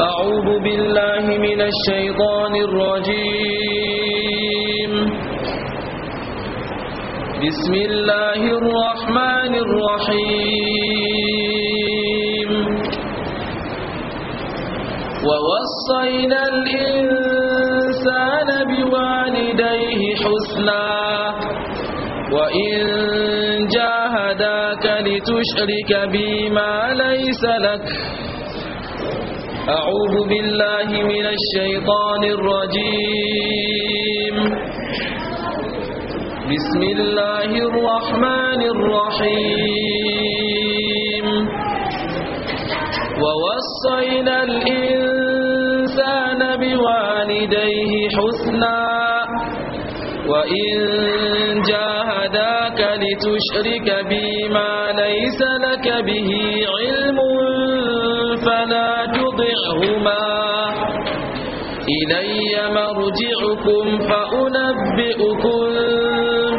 أعوذ بالله من الشيطان الرجيم بسم الله الرحمن الرحيم ووصينا الإنسان بوالديه حسنا وإن جاهداك لتشرك بما ليس لك أعوذ بالله من الشيطان الرجيم بسم الله الرحمن الرحيم ووصينا الإنسان بوالديه حسنا وإن جاهداك لتشرك بما ليس لك به علم بينهما إلي مرجعكم فأنبئكم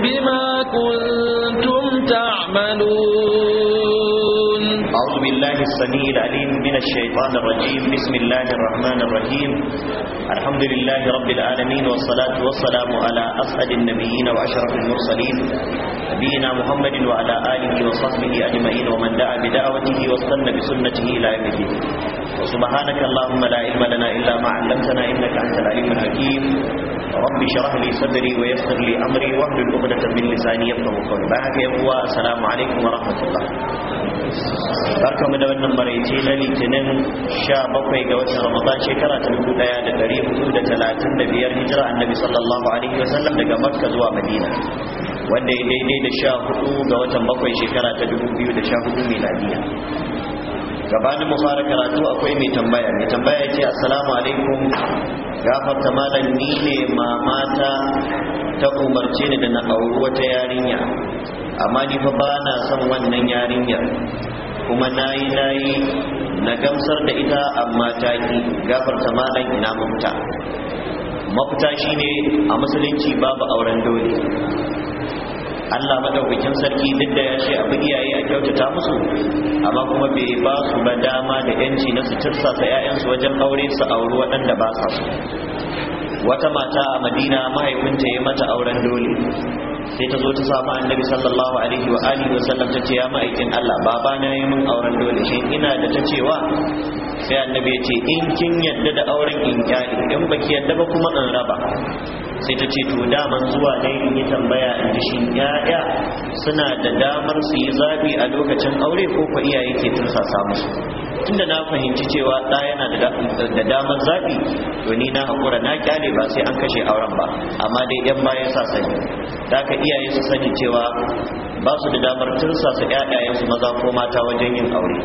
بما كنتم تعملون أعوذ بالله السميع العليم من الشيطان الرجيم بسم الله الرحمن الرحيم الحمد لله رب العالمين والصلاة والسلام على أسعد النبيين وأشرف المرسلين نبينا محمد وعلى آله وصحبه أجمعين ومن دعا بدعوته واستنى بسنته إلى يوم الدين وسبحانك اللهم لا علم لنا إلا ما علمتنا إنك أنت العليم الحكيم رب اشرح لي صدري ويسر لي أمري واحلل عقدة من لساني يفقه قولي بعد يقوى السلام عليكم ورحمة الله barka mu da wannan maraice na litinin 17 ga watan ramadan shekara ta 1435 hijira annabi sallallahu alaihi wasallam daga makka zuwa madina wanda ya daidai da hudu ga watan bakwai shekara ta 2014 miladiya gabanin mu fara karatu akwai mai tambaya mai tambaya ya ce assalamu alaikum gafarta malam ni ne mama ta umarce ni da na auri wata yarinya amma ni fa ba na son wannan yarinya, kuma nayi nayi na gamsar da ita amma ta ki gafarta malam ina mafita mafita shine a musulunci babu auren dole Allah madaukakin sarki duk da ya ce bi iyaye a kyautata musu amma kuma bai ba su ba dama da yanci na su sa 'ya'yansu wajen aure su auri waɗanda ba sa so wata mata a madina mahaifinta ya mata auren dole sai ta zo ta samu annabi sallallahu alaihi wa alihi wa sallam ta ce ya ma'aikin Allah baba na yi min auren dole shin ina da ta cewa sai annabi ya ce in kin yadda da auren in kyale in baki yadda ba kuma in raba sai ta ce to daman zuwa dai in yi tambaya in ji shin ya'ya suna da damar su yi zabi a lokacin aure ko ko iyaye ke samu su tunda na fahimci cewa ɗa yana da damar zabi to ni na hakura na kyale ba sai an kashe auren ba amma dai yan bayan sa sani da ka iyaye su sani cewa ba su da damar tursasa 'ya'yansu maza ko mata wajen yin aure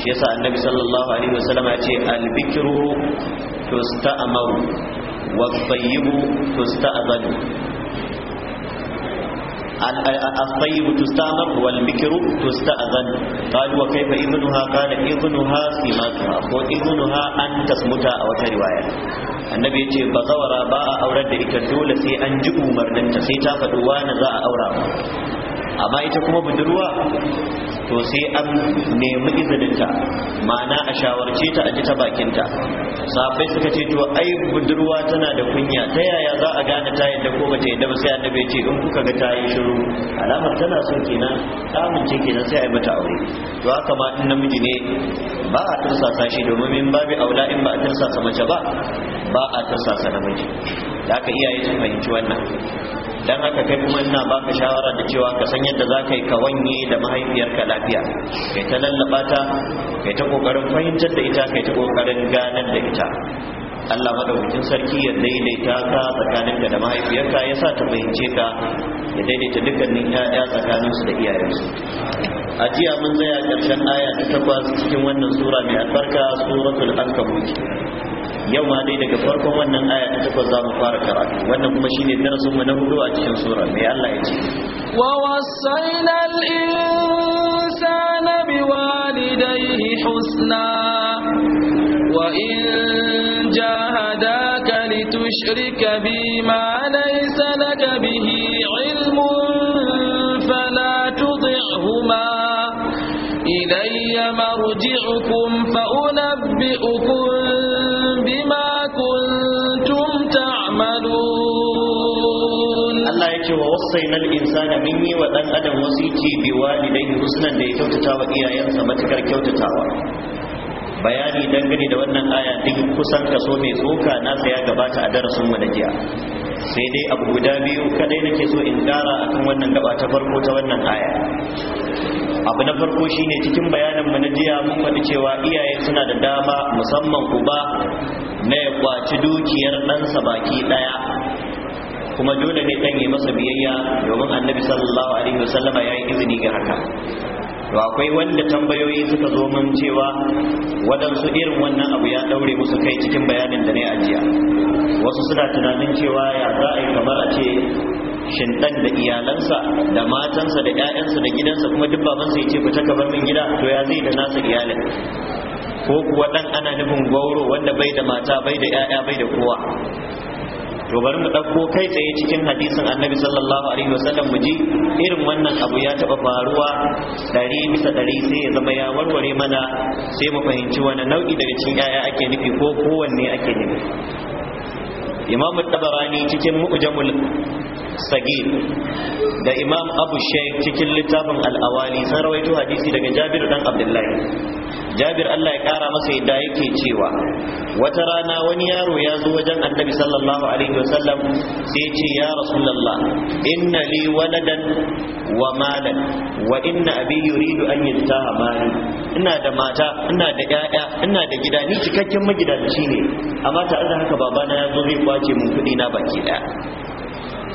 shi yasa annabi sallallahu alaihi wasallam ya ce albikru tusta'maru والطيب تستأذن الطيب تستأمر والبكر تستأذن قال وكيف إذنها قال إذنها سماتها وإذنها أن تسمتا أو ترواية النبي يقول بغورا باء أورد إتدول سي أنجبوا مردن تخيتا فدوان ذا أورا amma ita kuma budurwa to sai an nemi izininta ma'ana a shawarce ta a ji ta bakinta Safai suka ce to ai budurwa tana da kunya ta yaya za a gane ta yadda ko bata yadda ba sai annabi ya ce in kuka ga ta yi shiru alamar tana so kenan ta amince kenan sai a yi mata aure to haka ma in namiji ne ba a tursasa shi domin min babi aula in ba a tursasa mace ba ba a tursasa namiji da haka iyaye sun fahimci wannan dan haka kai kuma ina baka shawara da cewa ka san yadda zaka yi ka wanye da mahaifiyarka lafiya kai ta lallaba ta kai ta kokarin fahimtar da ita kai ta kokarin ganar da ita Allah madaukakin sarki ya daidaita ka tsakaninka da mahaifiyarka ya sa ta fahimce ka ya daidaita dukkanin ƴaƴa tsakaninsu da iyayensu a jiya mun tsaya ƙarshen aya ta takwas cikin wannan sura mai albarka suratul ankabut yau ma dai daga farkon wannan aya ta takwas za mu fara karatu wannan kuma shine darasin mu na hudu a cikin sura mai Allah ya ce wa wasaina al insana bi walidayhi husna wa in jahadaka litushrika bi ma laysa laka bihi ilmun fala tudhihuma ilayya marji'ukum fa unabbi'ukum وصينا الإنسان مني وأن أدم وسيتي بوالديه حسنا da ya kyautata wa iyayensa matukar kyautatawa bayani dangane da wannan aya din kusan kaso mai tsoka na ya gabata a darasin mu na jiya sai dai abu guda biyu kadai nake so in kara akan wannan gaba ta farko ta wannan aya abu na farko shine cikin bayanin mu na jiya mun faɗi cewa iyaye suna da dama musamman uba na ya kwaci dukiyar ɗansa baki ɗaya kuma dole ne dan yi masa biyayya domin annabi sallallahu alaihi wasallam ya yi izini ga haka to akwai wanda tambayoyi suka zo mun cewa wadansu irin wannan abu ya daure musu kai cikin bayanin da ne ajiya. jiya wasu suna tunanin cewa ya za a yi kamar a ce shin dan da iyalansa da matansa da ƴaƴansa da gidansa kuma duk babansa ya ce fita ka bar min gida to ya zai da nasa iyalin ko kuwa dan ana nufin gauro wanda bai da mata bai da ƴaƴa bai da kowa to bari mu ɗauko kai tsaye cikin hadisin annabi sallallahu alaihi wasallam mu ji irin wannan abu ya taɓa faruwa ɗari bisa ɗari sai ya zama ya warware mana sai mu fahimci wani nau'i daga cikin 'ya'ya ake nufi ko kowanne ake nufi imamu tabarani cikin mu'jamul sagir da imam abu shaykh cikin littafin al'awali sun rawaito hadisi daga jabir dan abdullahi jabir allah ya kara masa yadda yake cewa wata rana wani yaro ya zo wajen annabi sallallahu alaihi wasallam sai ce ya rasulullah inna li waladan wa malan wa inna abi yuridu an yantaha mali ina da mata ina da 'ya'ya, ina da gida ni cikakken magidanci ne amma tare da haka babana ya zo zai kwace mun kuɗi na baki ɗaya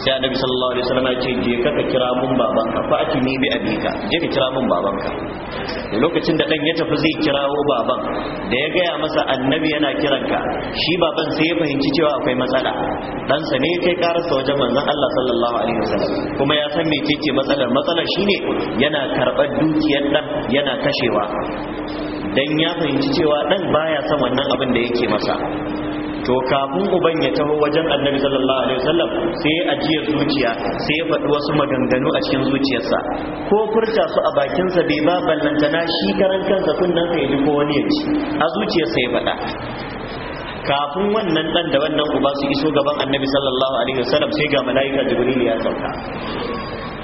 sai annabi sallallahu alaihi wasallam ya ce je ka kira mun babanka fa ati ni bi abika je ka kira mun babanka lokacin da dan ya tafi zai kirawo baban da ya gaya masa annabi yana kiranka shi baban sai ya fahimci cewa akwai matsala Dan sa ne kai karasa wajen manzon Allah sallallahu alaihi wasallam kuma ya san me yake matsalar matsalar shine yana karbar dukiyar dan yana kashewa dan ya fahimci cewa dan baya son wannan abin da yake masa to kafin uban ya taho wajen annabi sallallahu alaihi wasallam sai ajiye zuciya sai ya faɗi wasu maganganu a cikin zuciyarsa ko furta su a bakinsa bai ba ballantana shi karan kansa kunnen ka ya ji ko wani ya ci a zuciyarsa ya faɗa kafin wannan dan da wannan uba su iso gaban annabi sallallahu alaihi wasallam sai ga malaika jibril ya sauka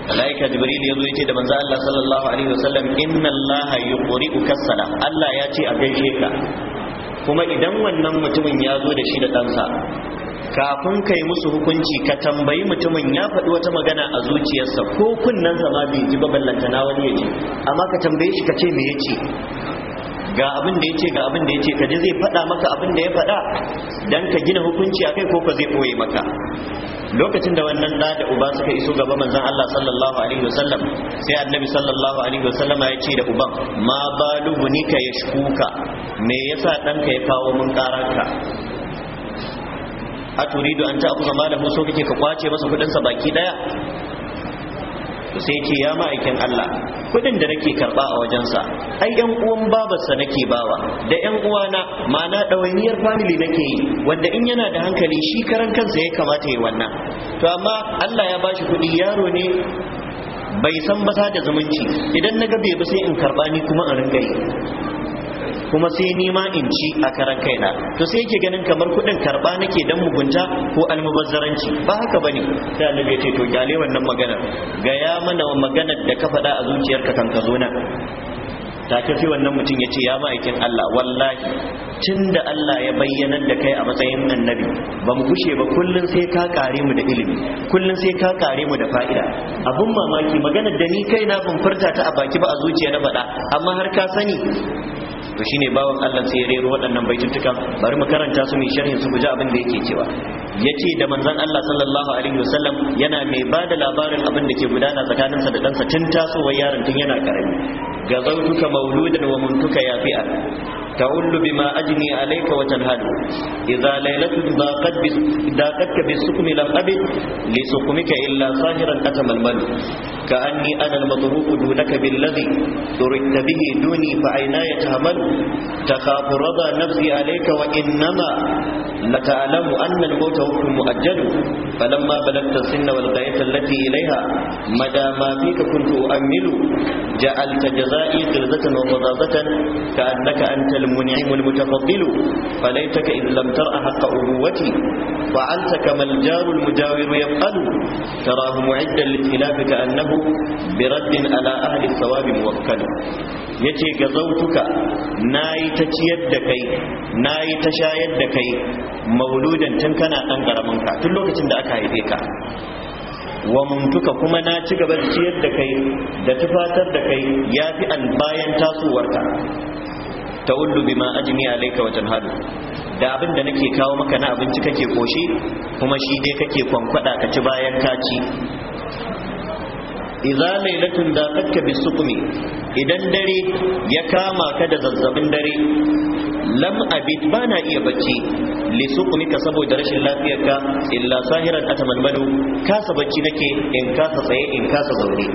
malaika jibril ya zo yace da manzo Allah sallallahu alaihi wasallam inna allaha yuqri'uka salam Allah ya ce a gaishe ka kuma idan wannan mutumin ya zo da shi da ɗansa kafin ka yi musu hukunci ka tambayi mutumin ya faɗi wata magana a zuciyarsa ko kunnensa zama bai ji ba ballantana wani ya ji amma ka tambaye shi ka ce me ya ce ga abin da yace ga abin da yace kaje zai fada maka abin da ya faɗa dan ka gina hukunci akai ko ka zai koye maka lokacin da wannan da da uba suka iso gaba manzon Allah sallallahu alaihi wasallam sai annabi sallallahu alaihi wasallama ya ce da uban ma balu ya yashkuka me yasa ɗanka ya kawo mun karanka a turidu an ta akuza malahu so kake ka kwace masa sa baki ɗaya. sai ce ya ma'aikin Allah kudin da nake karba a wajensa ai yan uwan babarsa nake bawa da yan uwana ma'ana ɗawainiyar family nake yi wanda in yana da hankali shi karan kansa ya kamata ya wannan to amma Allah ya bashi kuɗi yaro ne bai san ba da zumunci idan na ga bai ba sai in karba ni kuma in ringa yi kuma sai ni ma in ci a karan kaina to sai yake ganin kamar kuɗin karɓa nake dan mugunta ko almubazzaranci ba haka bane sai annabi ya ce to kyale wannan maganar gaya mana maganar da ka faɗa a zuciyarka kan ka zo nan ta sai wannan mutum ya ce ya ma'aikin Allah wallahi tun da Allah ya bayyanar da kai a matsayin annabi ba mu gushe ba kullum sai ka kare mu da ilimi kullum sai ka kare mu da fa'ida abun mamaki maganar da ni kai na ban furta ta a baki ba a zuciya na faɗa amma har ka sani to shine bawan Allah sai ya rero waɗannan baitutukan bari mu karanta su mu sharhin su guji abin da yake cewa yace da manzon Allah sallallahu alaihi wasallam yana mai ba da labarin abin da ke gudana tsakaninsa da ɗansa tun tasowar yaron tun yana karami ga zautuka mauludan wa muntuka yafi'a تعل بما أجني عليك وتنهد إذا ليلة ضاقت ضاقتك بالسكم لم أبد لسكمك إلا صاهرا أتململ ka an yi anan maturuku dunaka bin lazi turin da bihi duni fa aina ya ta haman ta kafu raza nafsi alaika wa innama na ta annan mota hukun mu'ajjalu falan ma balanta sinna wal gayatan lati ilaiha madama fi ka kuntu amilu ja'alta jaza'i qirzatan wa qadazatan ka annaka antal mun'imul mutafaddilu falaitaka in lam tar'a haqqa ubuwati فعلت كما الجار المجاور يفعل تراه معدا للخلاف كأنه برد على أهل الثواب موكل yace gazautuka zautuka na yi ta ciyar da kai na yi ta shayar da kai mauludan tun kana ɗan ƙaramin ka tun lokacin da aka haife ka wa mumtuka kuma na ci gaba da ciyar da kai da tufatar da kai ya fi an bayan tasowarka ta'ullu bima ajni alayka wajal hadu da abin da nake kawo maka na abinci kake koshi kuma shi dai kake kwankwada ka ci bayan ka ci idza lailatun daqatka bisuqmi idan dare ya kama ka da zazzabin dare lam abid bana iya bacci li ka saboda rashin lafiyarka illa sahiran atamalmalu kasa bacci nake in kasa tsaye in kasa zaune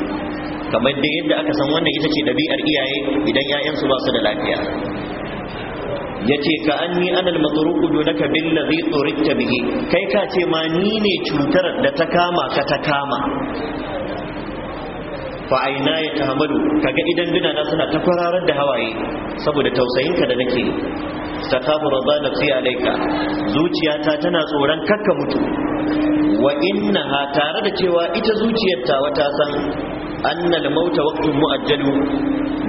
kamar da yadda aka san wannan ita ce ɗabi'ar iyaye idan 'ya'yansu ba su da lafiya yace ka anni anal matruku dunaka ladhi turitta bihi kai ka ce ma ni ne cutar da ta kama ka ta kama fa aina ya tahamalu kaga idan duna na suna ta kwararar da hawaye saboda tausayin ka da nake takabu radha nafsi alayka zuciyata tana tsoron kakka mutu wa ha tare da cewa ita zuciyarta wata san annal mauta waqtun mu'ajjalu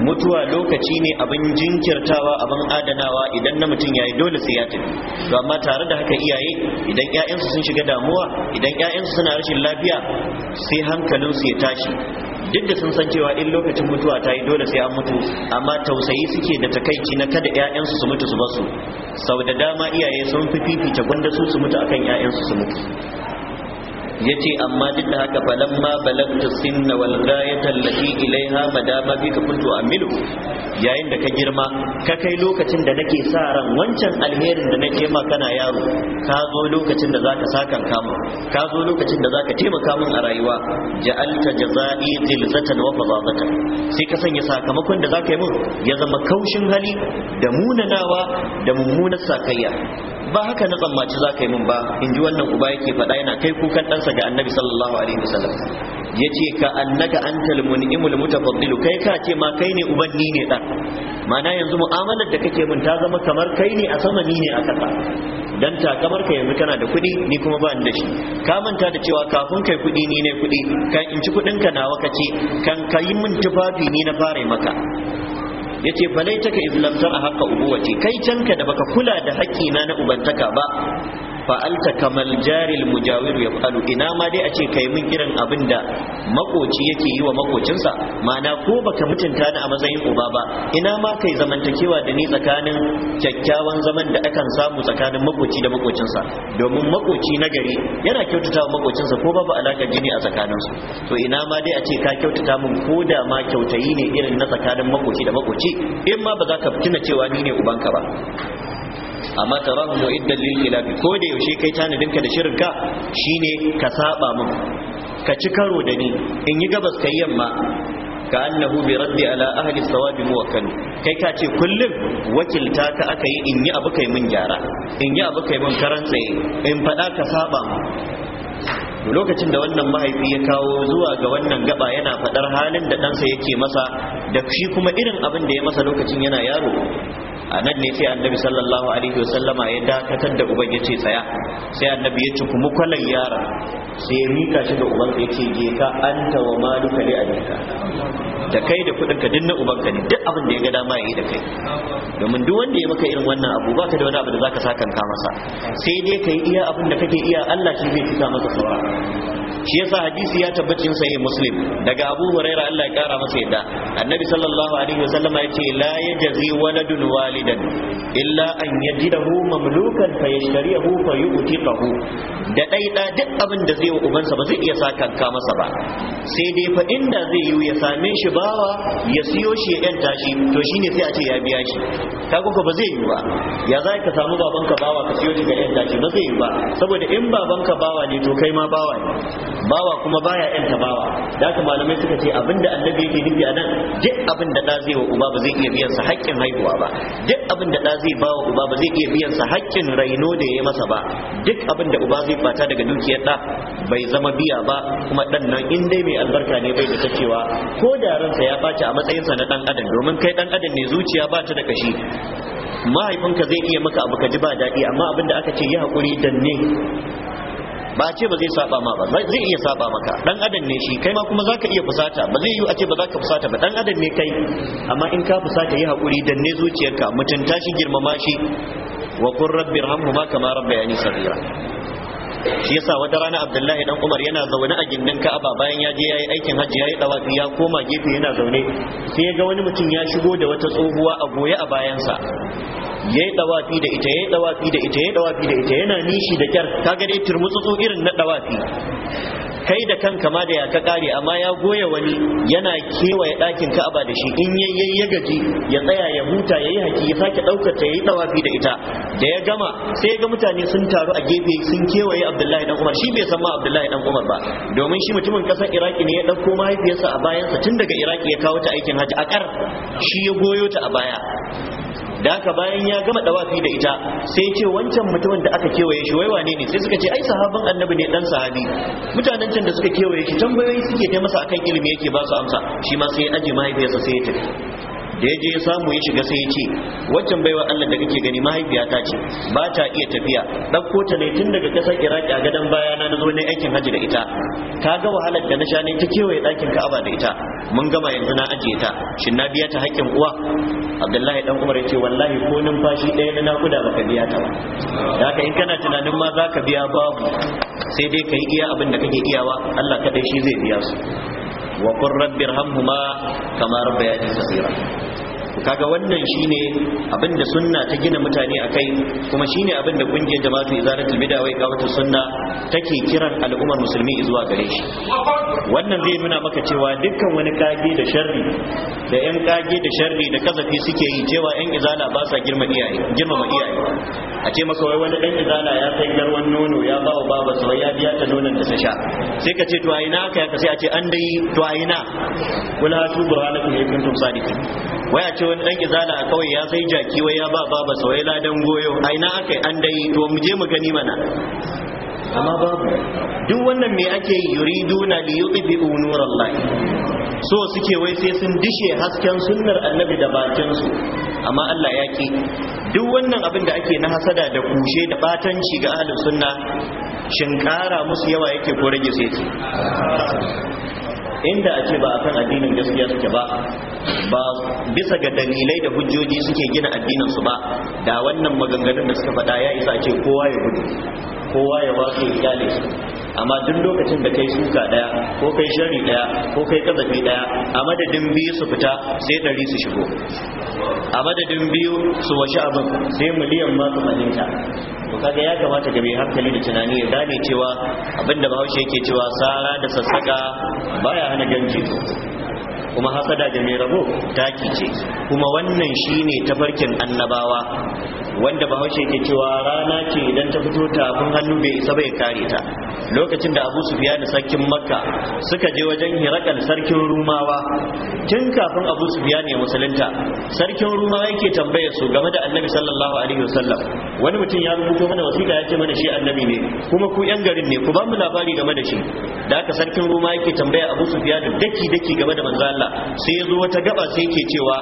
mutuwa lokaci ne abin jinkirtawa abin adanawa idan na mutum yayi dole sai ya tafi to amma tare da haka iyaye idan su sun shiga damuwa idan 'ya'yansu suna rashin lafiya sai hankalinsu ya tashi duk da sun san cewa in lokacin mutuwa ta yi dole sai an mutu amma tausayi suke da takaici na kada ƴaƴan su mutu su basu sau da dama iyaye sun fi fifita gwanda su su mutu akan 'ya'yansu su mutu yace amma duk da haka ma balagtu sinna wal ghayata allati ilaiha madama ka kuntu amilu yayin da ka girma ka kai lokacin da nake sa ran wancan alherin da nake ma kana yaro ka zo lokacin da zaka sakan kamu ka zo lokacin da zaka taimaka min a rayuwa ja'alta jazai zilzatan wa fadadatan sai ka sanya sakamakon da zaka yi mun ya zama kaushin hali da munanawa da mummunar sakayya ba haka na tsammaci za ka yi min ba in ji wannan uba yake faɗa yana kai kukan ɗansa ga annabi sallallahu alaihi wasallam ya ce ka annaka antal mun'imul mutafaddilu kai ka ce ma kai ne uban ni ne ɗan mana yanzu mu'amalar da kake min ta zama kamar kai ne a sama ni ne a ƙasa dan ta kamar ka yanzu kana da kuɗi ni kuma ba ni da shi ka manta da cewa kafin kai kuɗi ni ne kuɗi kan in ci kuɗin ka nawa kace kan kayi min tufafi ni na fare maka yace falaitaka a haka haqqa ubuwati kai canka da baka kula da haƙƙina na ubantaka ba fa'alta kamal jaril mujawiru ya falu ina ma dai a ce kai min irin abin da makoci yake yi wa makocinsa ma'ana ko baka mutunta ni a matsayin uba ba ina ma kai zamantakewa da ni tsakanin kyakkyawan zaman da akan samu tsakanin makoci da makocinsa domin makoci na gari yana kyautata wa makocinsa ko babu alaka jini a tsakaninsu to ina ma dai a ce ka kyautata min ko da ma kyautayi ne irin na tsakanin makoci da makoci in ma ba za ka tuna cewa ni ne ubanka ba amma tarahu mu'iddan lil khilafi ko da yaushe kai tanadin ka da shirin ka shine ka saba mun ka ci karo da ni in yi gabas kai yamma ka annahu bi raddi ala ahli sawabi muwakkalu kai ka ce kullum wakilta ka aka yi in yi abu kai mun gyara in yi abu kai mun karan in fada ka saba lokacin da wannan mahaifi ya kawo zuwa ga wannan gaba yana faɗar halin da ɗansa yake masa da shi kuma irin abin da ya masa lokacin yana yaro a nan ne sai annabi sallallahu alaihi wasallama ya dakatar da uban ya ce tsaya sai annabi ya ci kuma kwalan yaron sai ya mika shi da uban ya ce je ka anta wa maluka li abika da kai da kudin ka dinna ubanka ne duk abin da ya ga dama yi da kai domin duk wanda ya maka irin wannan abu ba ka da wani abu da zaka sa kanka masa sai dai kai iya abin da kake iya Allah shi zai tuka maka sauran shi yasa hadisi ya tabbacin sahih muslim daga abu huraira Allah ya kara masa yadda annabi sallallahu alaihi wasallam ya ce la yajzi waladun walidan illa an yajidahu mamlukan fa yashtarihu fa yu'tiqahu da dai da duk abin da zai wa ubansa ba zai iya ka masa ba sai dai fa inda zai yi ya same shi bawa ya siyo shi ya yanta shi to shine sai a ce ya biya shi kaga ko ba zai yi ba ya za ka samu babanka bawa ka siyo shi ga yanta shi ba zai yi ba saboda in babanka bawa ne to kai ma bawa ne bawa kuma baya yanta bawa da haka malamai suka ce abinda annabi yake nufi a nan duk abin da zai wa uba ba zai iya biyan sa haƙƙin haihuwa ba duk abin da zai bawa uba ba zai iya biyan sa haƙƙin raino da ya masa ba duk abin uba zai bata daga dukiyar da bai zama biya ba kuma dan nan in dai mai albarka ne bai da ta cewa ko da ransa ya baci a matsayin sa na ɗan adam domin kai dan adam ne zuciya ba ta da kashi mahaifinka zai iya maka abu ka ji ba daɗi amma abin da aka ce yi haƙuri danne ba ce ba zai saba ma ba zai iya saba maka dan adam ne shi kai ma kuma zaka iya fusata ba zai yi a ce ba zaka fusata ba dan adam ne kai amma in ka fusata yi hakuri dan ne zuciyarka mutunta shi girmama shi wa qur rabbi ma kama rabbayani saghira shi yasa wata rana abdullahi dan umar yana zaune a gindin ka'aba bayan ya je yayi aikin hajji yayi dawafi ya koma gefe yana zaune sai ya ga wani mutum ya shigo da wata tsohuwa a goye a bayansa yayi dawafi da ita yi dawafi da ita yi dawafi da ita yana nishi da kyar kaga dai turmutsutsu irin na dawafi kai da kanka ma da ya ka kare amma ya goya wani yana kewaye ɗakin ka'aba da shi in yayi ya gaji ya tsaya ya huta ya yi haki ya sake ɗaukar ta yi da ita da ya gama sai ga mutane sun taru a gefe sun kewaye Abdullahi dan Umar shi bai san ma Abdullahi dan Umar ba domin shi mutumin ƙasar Iraki ne ya ɗauko mahaifiyarsa a bayansa tun daga Iraki ya kawo ta aikin hajji a kar shi ya goyo ta a baya da haka bayan ya gama dawafi da ita sai ce wancan mutumin da aka kewaye shi wai wane ne sai suka ce ai sahabban annabi ne dan sahabi mutanen can da suka kewaye shi tambayoyi suke ta masa akan ilimi yake ba su amsa shi ma sai ya aje mahaifiyarsa sai ya tafi da ya je ya samu ya shiga sai ya ce waccan baiwa Allah da kake gani mahaifiyata ce ba ta iya tafiya ɗauko ta ne tun daga ƙasar Iraki a gadon baya na zo ne aikin hajji da ita ka ga wahalar da na sha ne ta kewaye ɗakin Ka'aba da ita mun gama yanzu na ajiye ta shin na biya ta haƙƙin uwa Abdullahi dan Umar ce wallahi ko numfashi ɗaya na nakuda baka biya ta ba da haka in kana tunanin ma za ka biya babu sai dai ka yi iya abin da kake iyawa Allah kaɗai shi zai biya su wa qur rabbi irhamhuma kama rabbayani kaga wannan shine abinda sunna ta gina mutane akai kuma shine abinda kungiyar jama'atu izaratul bid'a wai kawata sunna take kiran al'ummar musulmi zuwa gare shi wannan zai nuna maka cewa dukkan wani kage da sharri da yan kage da sharri da kazafi suke yi cewa yan izala ba sa girma iyaye girmama iyaye a ce maka wai wani dan izala ya sai garwan nono ya ba wa baba sai ya biya ta nonon da ta sha sai ka ce to a na ka sai a ce an dai to a ina wala tu burhanakum in kuntum sadiqin waya ce wani dan izala a kauye ya sai jaki wai ya ba baba sai ladan goyo ai aka akai an dai to mu je mu gani mana amma babu duk wannan me ake yi na li yudhi'u nurallahi so suke wai sai sun dishe hasken sunnar annabi da bakin su amma Allah ya ki duk wannan abin da ake na hasada da kushe da batanci ga ahlus sunna shin kara musu yawa yake ko rage sai inda a ce ba a kan addinin gaskiya suke ba ba bisa ga dalilai da hujjoji suke gina addinin su ba da wannan maganganun da suka faɗa ya isa ce kowa ya gudu kowa ya wasu ya amma duk lokacin da kai shuka daya ko kai shari daya ko kai kazafi daya a madadin biyu su fita sai dari su shigo a madadin biyu su washi abin sai miliyan ma su fahimta to kaga ya kamata da mai hankali da tunani ya gane cewa abinda bahaushe yake cewa sara da sassaka baya hana ganji kuma hasada da mai rabo taki ce kuma wannan shine tafarkin annabawa wanda bahaushe ke cewa rana ce idan ta fito tafin hannu bai isa bai kare ta lokacin da abu sufiyan sarkin makka suka je wajen hirakal sarkin rumawa tun kafin abu sufiyan ya musulunta sarkin rumawa yake tambaya su game da annabi sallallahu alaihi wasallam wani mutum ya rubuto mana wasiƙa ya ce mana shi annabi ne kuma ku yan garin ne ku ba mu labari game da shi da aka sarkin rumawa yake tambaya abu sufiyan daki daki game da manzo sai ya zo wata gaba sai ke cewa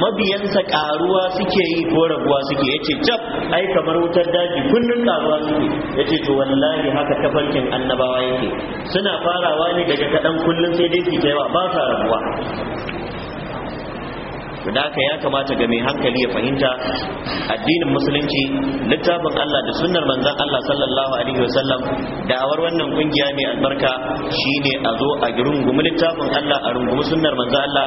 mabiyansa karuwa suke yi ko rabuwa suke yace jab ai kamar wutar daji kullun karuwa suke yace to wallahi haka tafarkin annabawa yake suna farawa ne daga kadan kullun sai dai su yawa ba sa rabuwa to da haka ya kamata ga mai hankali ya fahimta addinin musulunci littafin Allah da sunnar manzon Allah sallallahu alaihi wasallam da'awar wannan kungiya mai albarka shine a zo a rungumi littafin Allah a rungumi sunnar manzon Allah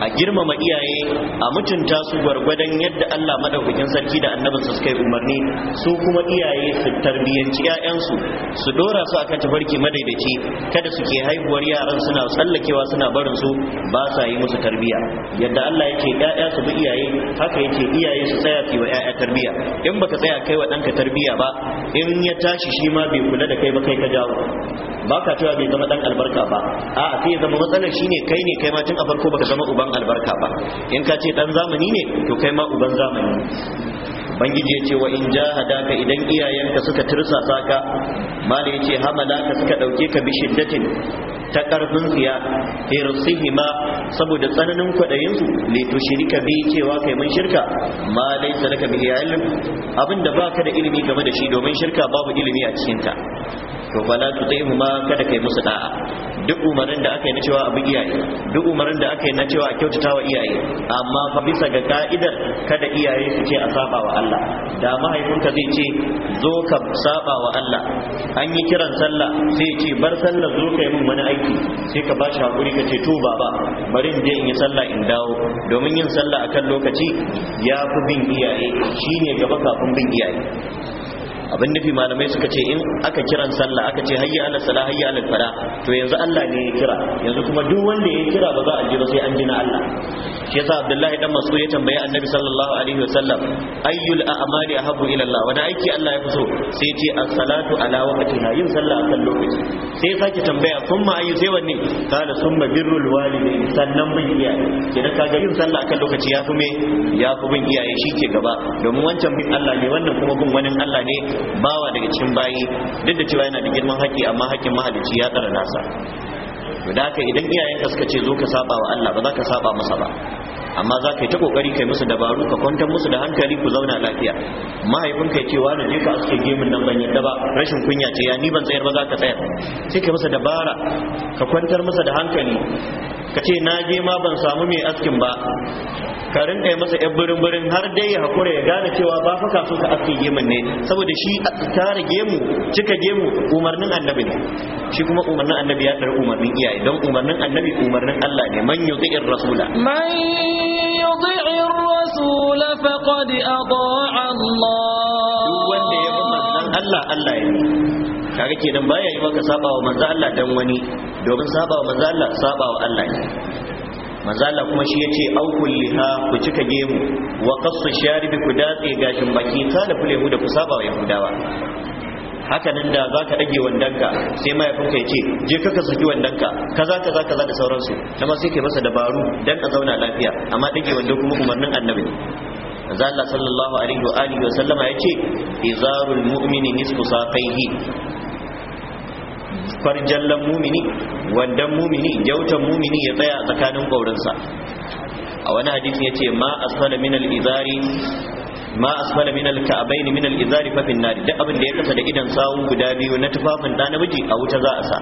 a girmama iyaye a mutunta su gwargwadon yadda Allah madaukakin sarki da annabin suka yi umarni su kuma iyaye su tarbiyyanci 'ya'yansu su dora su akan tafarki madaidaici kada suke haihuwar yaran suna tsallakewa suna barin su ba sa yi musu tarbiya yadda Allah yake ƴaƴa su bi iyaye haka yake iyaye su tsaya fi wa ƴaƴa tarbiya in baka tsaya kai wa ɗanka tarbiya ba in ya tashi shi ma bai kula da kai ba kai ka jawo ba ka cewa bai zama ɗan albarka ba a'a sai ya zama matsalar shine kai ne kai ma tun a farko baka zama uban albarka ba in ka ce ɗan zamani ne to kai ma uban zamani bangiji ya ce wa in ka idan iyayenka suka tirsasa ka mala ya ce hamalaka suka dauke ka bi shiddatin ta karfin tsiya hima saboda tsananin ne to tushrika bi cewa kai mun shirka ma laysa laka bi ilm abinda ka da ilimi game da shi domin shirka babu ilimi a cikinta. to fala mu ma kada kai musu da'a duk umarin da aka yi na cewa abu iyaye duk umarin da aka yi na cewa a kyautata wa iyaye amma fa bisa ga ka'idar kada iyaye su ce a saba wa Allah da mahaifinka zai ce zo ka saba wa Allah an yi kiran sallah sai ce bar sallah zo ka mun wani aiki sai ka bashi hakuri ka ce to baba bari in je in yi sallah in dawo domin yin sallah akan lokaci ya fi bin iyaye shine gaba kafin bin iyaye abin nufi malamai suka ce in aka kiran sallah aka ce hayya ala sala hayya ala fala to yanzu Allah ne ya kira yanzu kuma duk wanda ya kira ba za a ji ba sai an ji na Allah shi yasa Abdullahi dan Mas'ud ya tambaye Annabi sallallahu alaihi wasallam ayyul a'mali ahabbu ila Allah wani aiki Allah ya fi so sai ya ce as-salatu ala waqtiha yin sallah akan lokaci sai ya sake tambaya kuma ayyu sai wanne kana summa birrul walidain sannan bin iyaye kina kaga yin sallah akan lokaci ya fi me ya fi bin iyaye shi ke gaba domin wancan bin Allah ne wannan kuma bin wani Allah ne bawa daga cikin bayi duk da cewa yana da girman haƙƙi amma haƙƙin mahalicci ya tsara nasa da haka idan iyayenka suka ce zo ka saba wa Allah ba za ka saba masa ba amma za ka yi ta kokari kai musu dabaru ka kwantar musu da hankali ku zauna lafiya mahaifinka ya ce wani ne ka aske gemun nan ban yadda ba rashin kunya ce ya ni ban tsayar ba za ka tsayar sai ka masa dabara ka kwantar musu da hankali ka ce na je ma ban samu mai askin ba ka rinka yi masa yan birin birin har dai ya hakura ya gane cewa ba fa kaso ka aske gemun ne saboda shi tsara gemu cika gemu umarnin annabi ne shi kuma umarnin annabi ya dar umarnin iyaye don umarnin annabi umarnin Allah ne man yuti'ir rasula man yuti'ir rasula faqad ata'a Allah duk wanda ya bi manzon Allah Allah ya kaga kenan baya yi maka saba wa manzo Allah dan wani domin saba wa manzo Allah saba Allah ne manzo Allah kuma shi yace au kulliha ku cika gemu wa qassu sharibi ku datse gashin baki hu da ku saba wa yahudawa haka nan da za ka dage wandonka sai mai ya ce je ka saki wandonka kaza kaza kaza da sauransu amma sai ke masa dabaru dan ka zauna lafiya amma dage wanda kuma umarnin annabi manzo Allah sallallahu alaihi wa alihi wa sallama yace izarul mu'mini nisfu saqaihi farjallan mumini wandan mumini jautan mumini ya tsaya tsakanin ƙaurinsa a wani hadisi ya ce ma asfala min al-izari ma asfala min al-ka'bayn min al-izari fa fin nar duk abin da ya kasa da idan sawu guda biyu na tufafin da namiji a wuta za a sa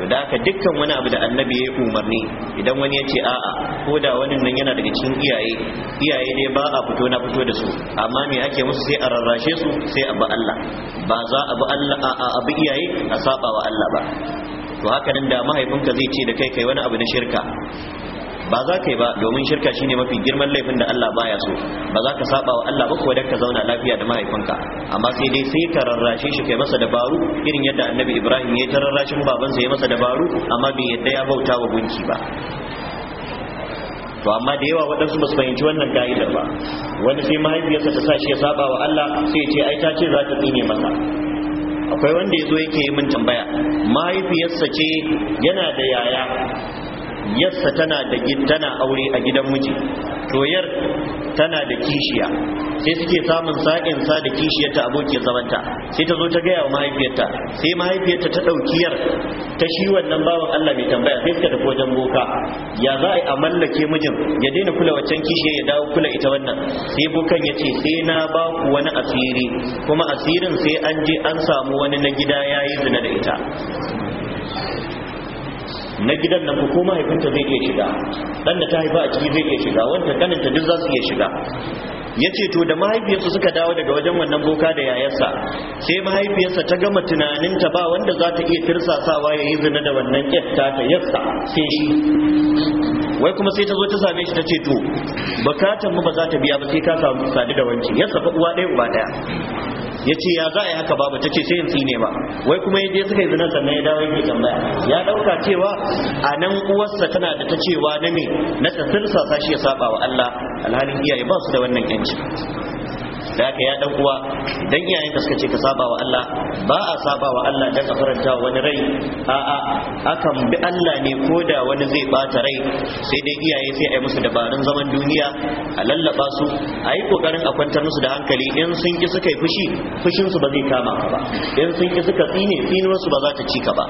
to da haka dukkan wani abu da annabi ya umarni idan wani ya ce a'a ko da wani nan yana daga cikin iyaye iyaye dai ba a fito na fito da su amma me ake musu sai a rarrashe su sai a bi Allah ba za a bi Allah a bi iyaye a saba wa Allah ba to haka nan da mahaifinka zai ce da kai kai wani abu na shirka ba za ka yi ba domin shirka shine mafi girman laifin da Allah baya so ba za ka saba wa Allah ba ko da ka zauna lafiya da mahaifinka amma sai dai sai ka rarrashe shi kai masa dabaru irin yadda annabi Ibrahim ya tararrashin babansa ya masa dabaru amma bai yadda ya bauta wa gunki ba to amma da yawa waɗansu ba su fahimci wannan ka'ida ba wani sai mahaifiyarsa ta sa shi ya saba wa Allah sai ya ce ai ta ce za ta tsine masa akwai wanda ya zo yake yi min tambaya mahaifiyarsa ce yana da yaya yarsa tana da tana aure a gidan miji Toyar tana da kishiya sai suke samun sa'in sa da kishiyarta abokin zamanta sai ta zo ta gaya wa mahaifiyarta sai mahaifiyarta ta ɗauki yar ta shi wannan bawan Allah mai tambaya sai suka tafi wajen boka ya za a mallake mijin ya daina kula waccan kishiyar ya dawo kula ita wannan sai bokan ya ce sai na ba ku wani asiri kuma asirin sai an je an samu wani na gida yayi zina da ita na gidan nan ko mahaifinta zai iya shiga dan da ta haifa a ciki zai iya shiga wanda kaninta duk za su iya shiga ya ce to da mahaifiyarsa suka dawo daga wajen wannan boka da yayarsa sai mahaifiyarsa ta gama tunanin ta ba wanda za ta iya tirsasawa ya yi zina da wannan ƙyarta ta yarsa sai shi wai kuma sai ta zo ta same shi ta ce to bukatan mu ba za ta biya ba sai ka samu sadu da wanci yarsa fa uwa ɗaya uba ɗaya ya ce ya za a yi haka babu ta ce sai in tsine ba wai kuma ya je suka yi zina sannan ya dawo yake tambaya ya ɗauka cewa a nan uwarsa tana da ta cewa na me na ta sirsa shi ya saba wa Allah alhalin iyaye ba su da wannan yanci da aka ya dan uwa dan iyayen da suka ce ka saba wa Allah ba a saba wa Allah dan a faranta wani rai a a akan bi Allah ne ko da wani zai bata rai sai dai iyaye sai a yi musu dabarun zaman duniya a lallaba su a yi kokarin a kwantar musu da hankali in sun ki suka yi fushi fushin su ba zai kama ka ba in sun ki suka tsine tsinuwar su ba za ta ci ka ba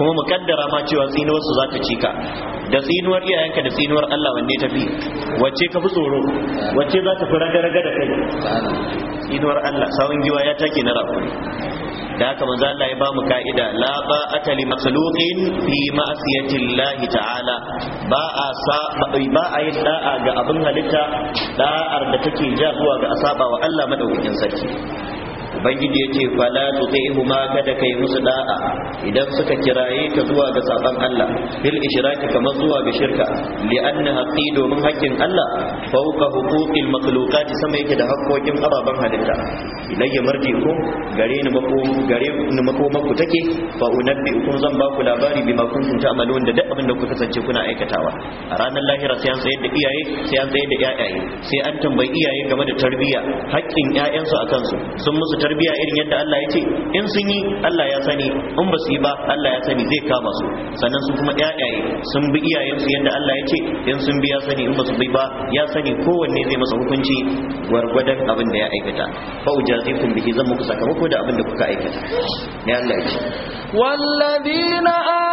kuma mukaddara ma cewa tsinuwar su za ta ci ka da tsinuwar iyayenka da tsinuwar Allah wanne tafi wacce ka fi tsoro wacce za ta fi raga-raga da kai tsinuwar Allah sawun giwa ya take na rakuri da haka manzo Allah ya bamu ka'ida la ba'ata li makhluqin fi ma'siyati Allah ta'ala ba a sa ba a yi da'a ga abin halitta da'ar da take ja ga asaba wa Allah madaukakin sarki ubangiji yace fala tuti'huma kada kai musu da'a idan suka kiraye ka zuwa ga saban Allah bil ishraki kamar zuwa ga shirka li anna haqqi domin haƙƙin Allah fawqa huquqil makhluqati sama yake da haƙƙoƙin ababan halitta ilayya marji'ukum gare ni mako gare ni mako maku take fa unabbi'ukum zan ba ku labari bima kuntum ta'malun da duk abin da kuka kasance kuna aikatawa a ranar lahira sai an tsaye da iyaye sai an tsaye da yayaye sai an tambayi iyaye game da tarbiyya haƙƙin yayansu akan su sun musu tarbiyya tarbiya irin yadda Allah ya ce in sun yi Allah ya sani in ba su yi ba Allah ya sani zai kama su sannan su kuma ƴaƴaye sun bi iyayensu yadda Allah ya ce in sun bi ya sani in ba su bi ba ya sani kowanne zai masa hukunci gwargwadon abin da ya aikata fa ujazikum bihi zan muku sakamako da abin da kuka aikata ne Allah ya ce والذين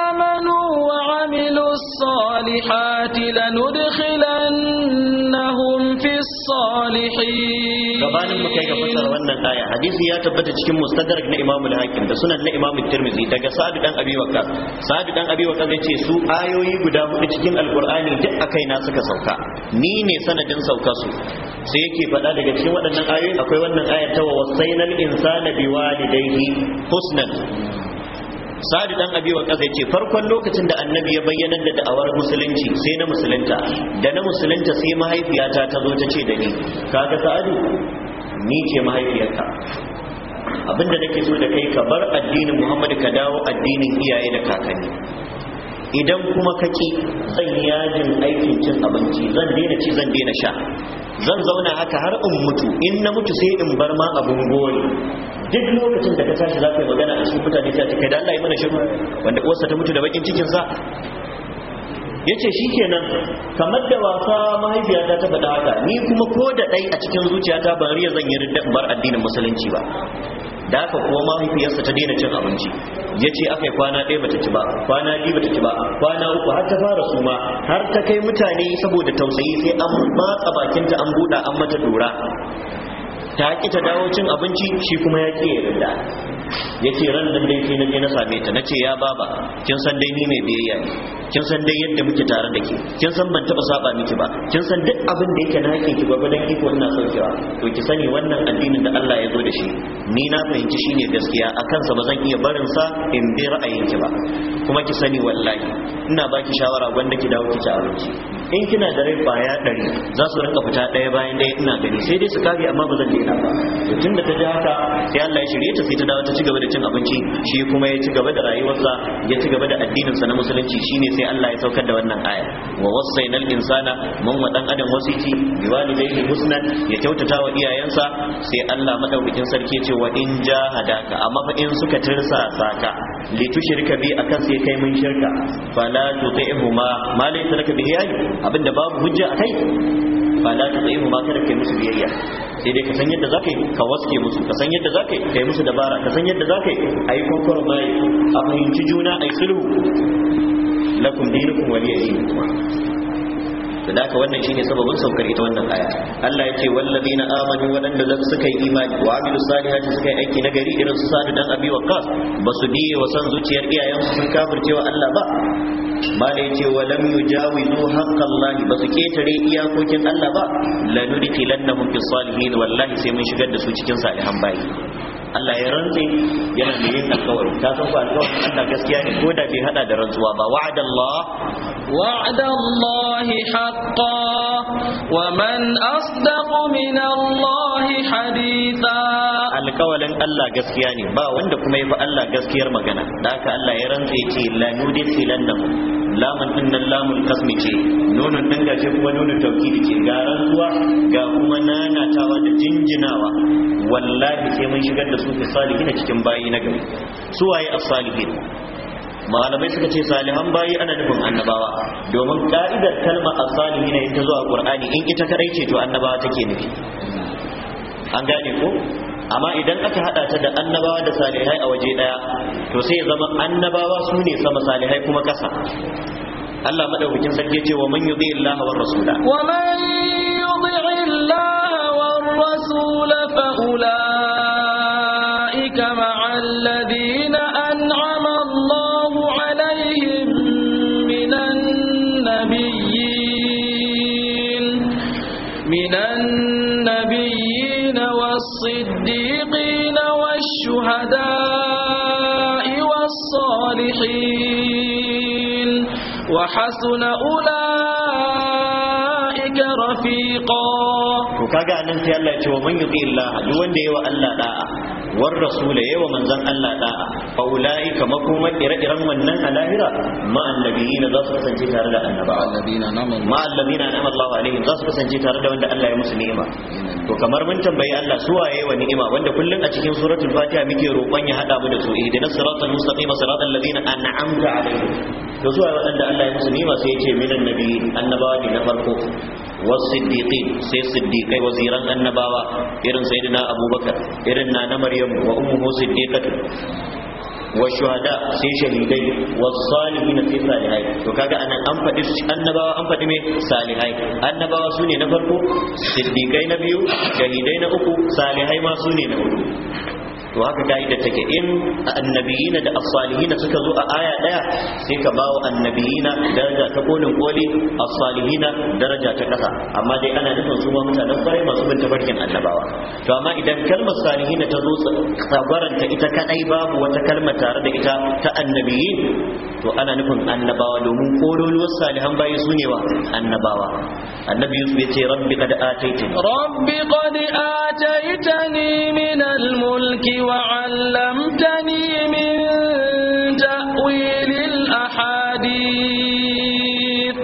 آمنوا وعملوا الصالحات لندخلنهم الصالحين gabanin mu kai ga fasara wannan aya hadisi ya tabbata cikin mustadrak na Imam al-Hakim da sunan na Imam tirmizi daga Sa'd dan Abi Waqqas Sa'd dan Abi Waqqas yace su ayoyi guda hudu cikin al duk akai na suka sauka ni ne sanadin sauka su sai yake faɗa daga cikin waɗannan ayoyi akwai wannan aya ta wa wasainal insana biwalidayhi husnan sadi dan abi waqas yace farkon lokacin da annabi ya bayyana da da'awar musulunci sai na musulunta da na musulunta sai mahaifiyata ta zo ta ce da ni kaga sa'adu ni ce mahaifiyarka abinda nake so da kai ka bar addinin muhammadu ka dawo addinin iyaye da kakanni idan kuma kake zan yajin aikin cin abinci zan daina ci zan daina sha zan zauna haka har in mutu in na mutu sai in bar ma abun gori duk lokacin da ka tashi za ka yi magana a cikin mutane ta kai da Allah ya mana shiru wanda uwarsa ta mutu da bakin cikin sa yace shikenan kamar da wasa mahaifiyata ta faɗa haka ni kuma ko da ɗai a cikin zuciyata ban riya zan yi riddan bar addinin musulunci ba da haka kuma mahaifiyarsa ta daina cin abinci ya ce aka kwana ɗaya bata ci ba kwana biyu bata ci ba kwana uku har ta fara suma har ta kai mutane saboda tausayi sai an matsa bakinta an buɗa an mata dora ta ki ta dawo cin abinci shi kuma ya ƙi yarda yace ran nan dai sai na na same ta nace ya baba kin san dai ni mai biyayya ne kin san dai yadda muke tare da ke kin san ban taba saba miki ba kin san duk abin da yake na hakkin ki dan iko ina saukewa to ki sani wannan addinin da Allah ya zo da shi ni na fahimci shine gaskiya a kansa ba zan iya barin sa in bi ra'ayin ki ba kuma ki sani wallahi ina baki shawara gwanda ki dawo ki ci abinci in kina da rai baya ɗari za su rinka fita ɗaya bayan ɗaya ina gani sai dai su kare amma ba zan daina ba tunda ta ji haka sai Allah ya shirye ta sai ta dawo ta ci ci gaba da cin abinci shi kuma ya ci gaba da rayuwarsa ya ci gaba da addininsa na musulunci shine sai Allah ya saukar da wannan aya wa wasainal insana mun wa dan adam wasiti bi walidayhi husna ya kyautata wa iyayensa sai Allah madaukakin sarki ce wa in jahadaka amma fa in suka tirsa saka li tushrika bi akan sai kai mun shirka fala tuti'huma ma laysa laka bihi abinda babu hujja kai. fala ta tsaye ma kada kai musu biyayya sai dai ka san yadda zaka ka yi ka waske musu ka san yadda zaka ka yi ka yi musu dabara ka san yadda zaka yi a yi bai a fahimci juna a yi sulhu lakum dinukum waliyyi da haka wannan shine sababin saukar ita wannan aya Allah ya ce na amani wadanda da suka yi imani wa amilu salihati suka yi aiki nagari irin su sadu dan abi ba basu biye wa san zuciyar iyayensu sun kafircewa Allah ba malai ce wa lam yujawizu haqqallahi su ketare iyakokin Allah ba lanudkhilannahum bis salihin wallahi sai mun shigar da su cikin salihan bayi Allah ya rantse yana da yin alkawari ta san ku alkawarin Allah gaskiya ne ko da bai hada da rantsuwa ba wa'ada Allah wa'ada Allah haqqa wa man asdaqu min Allah haditha alkawalin Allah gaskiya ne ba wanda kuma yafi Allah gaskiyar magana da haka Allah ya rantse ce la nudithilannahu lamun din nan lamun kasmi ce nonon din gashi kuma nonon taukidi ce ga rantsuwa ga kuma nanatawa da jinjinawa wallahi sai mun shigar da su fi salihin cikin bayi na gari su waye as-salihin malamai suka ce salihan bayi ana nufin annabawa domin ka'idar kalma as-salihin ne ta zuwa qur'ani in ita kadai ce to annabawa take nufi an gane ko amma idan aka hada ta da annabawa da salihai a waje daya to sai ya zama annabawa su ne sama salihai kuma kasa Allah madaukakin sarki ce wa man yuti Allah wa rasula wa man yuti Allah wa rasula fa ulai الصالحين وحسن أولئك رفيقا وكاقا أنسي الله يتوى من يطير الله دون ديوى الله داعا war rasula yawa eh, manzon Allah da'a fa ulai ka makoma ire-iren wannan a lahira ma za su kasance tare da annaba annabina ma na Allah alaihi za su kasance tare da wanda Allah ya musu ni'ima to kamar mun tambayi Allah su waye wa ni'ima wanda kullum a cikin suratul fatiha muke roƙon ya hada da su ihdinas siratal mustaqim siratal ladina an'amta to zuwa waɗanda Allah ya musu nima sai ya ce minan nabi annabawa ne na farko siddiƙi sai siddiƙai waziran annabawa irin sayyidina abubakar irin na na Maryam wa ummuhu siddiqatu wa shuhada sai shahidai wa salihin sai salihai to kaga anan an faɗi annabawa an faɗi me salihai annabawa sune na farko siddiƙai na biyu shahidai na uku salihai ma sune na hudu to haka ka'idar take in annabiyina da as-salihina suka zo a aya daya sai ka bawo annabiyina daraja ta kolin koli a salihina daraja ta kasa amma dai ana nufin su mutanen kwarai masu bin tafarkin annabawa to amma idan kalmar salihina ta zo tsabaranta ita kadai babu wata kalma tare da ita ta annabiyin to ana nufin annabawa domin kololuwar salihan bayi su ne wa annabawa annabi yusuf ya ce rabbi qad ataitani rabbi qad ataitani min al-mulki وعلمتني من تأويل الأحاديث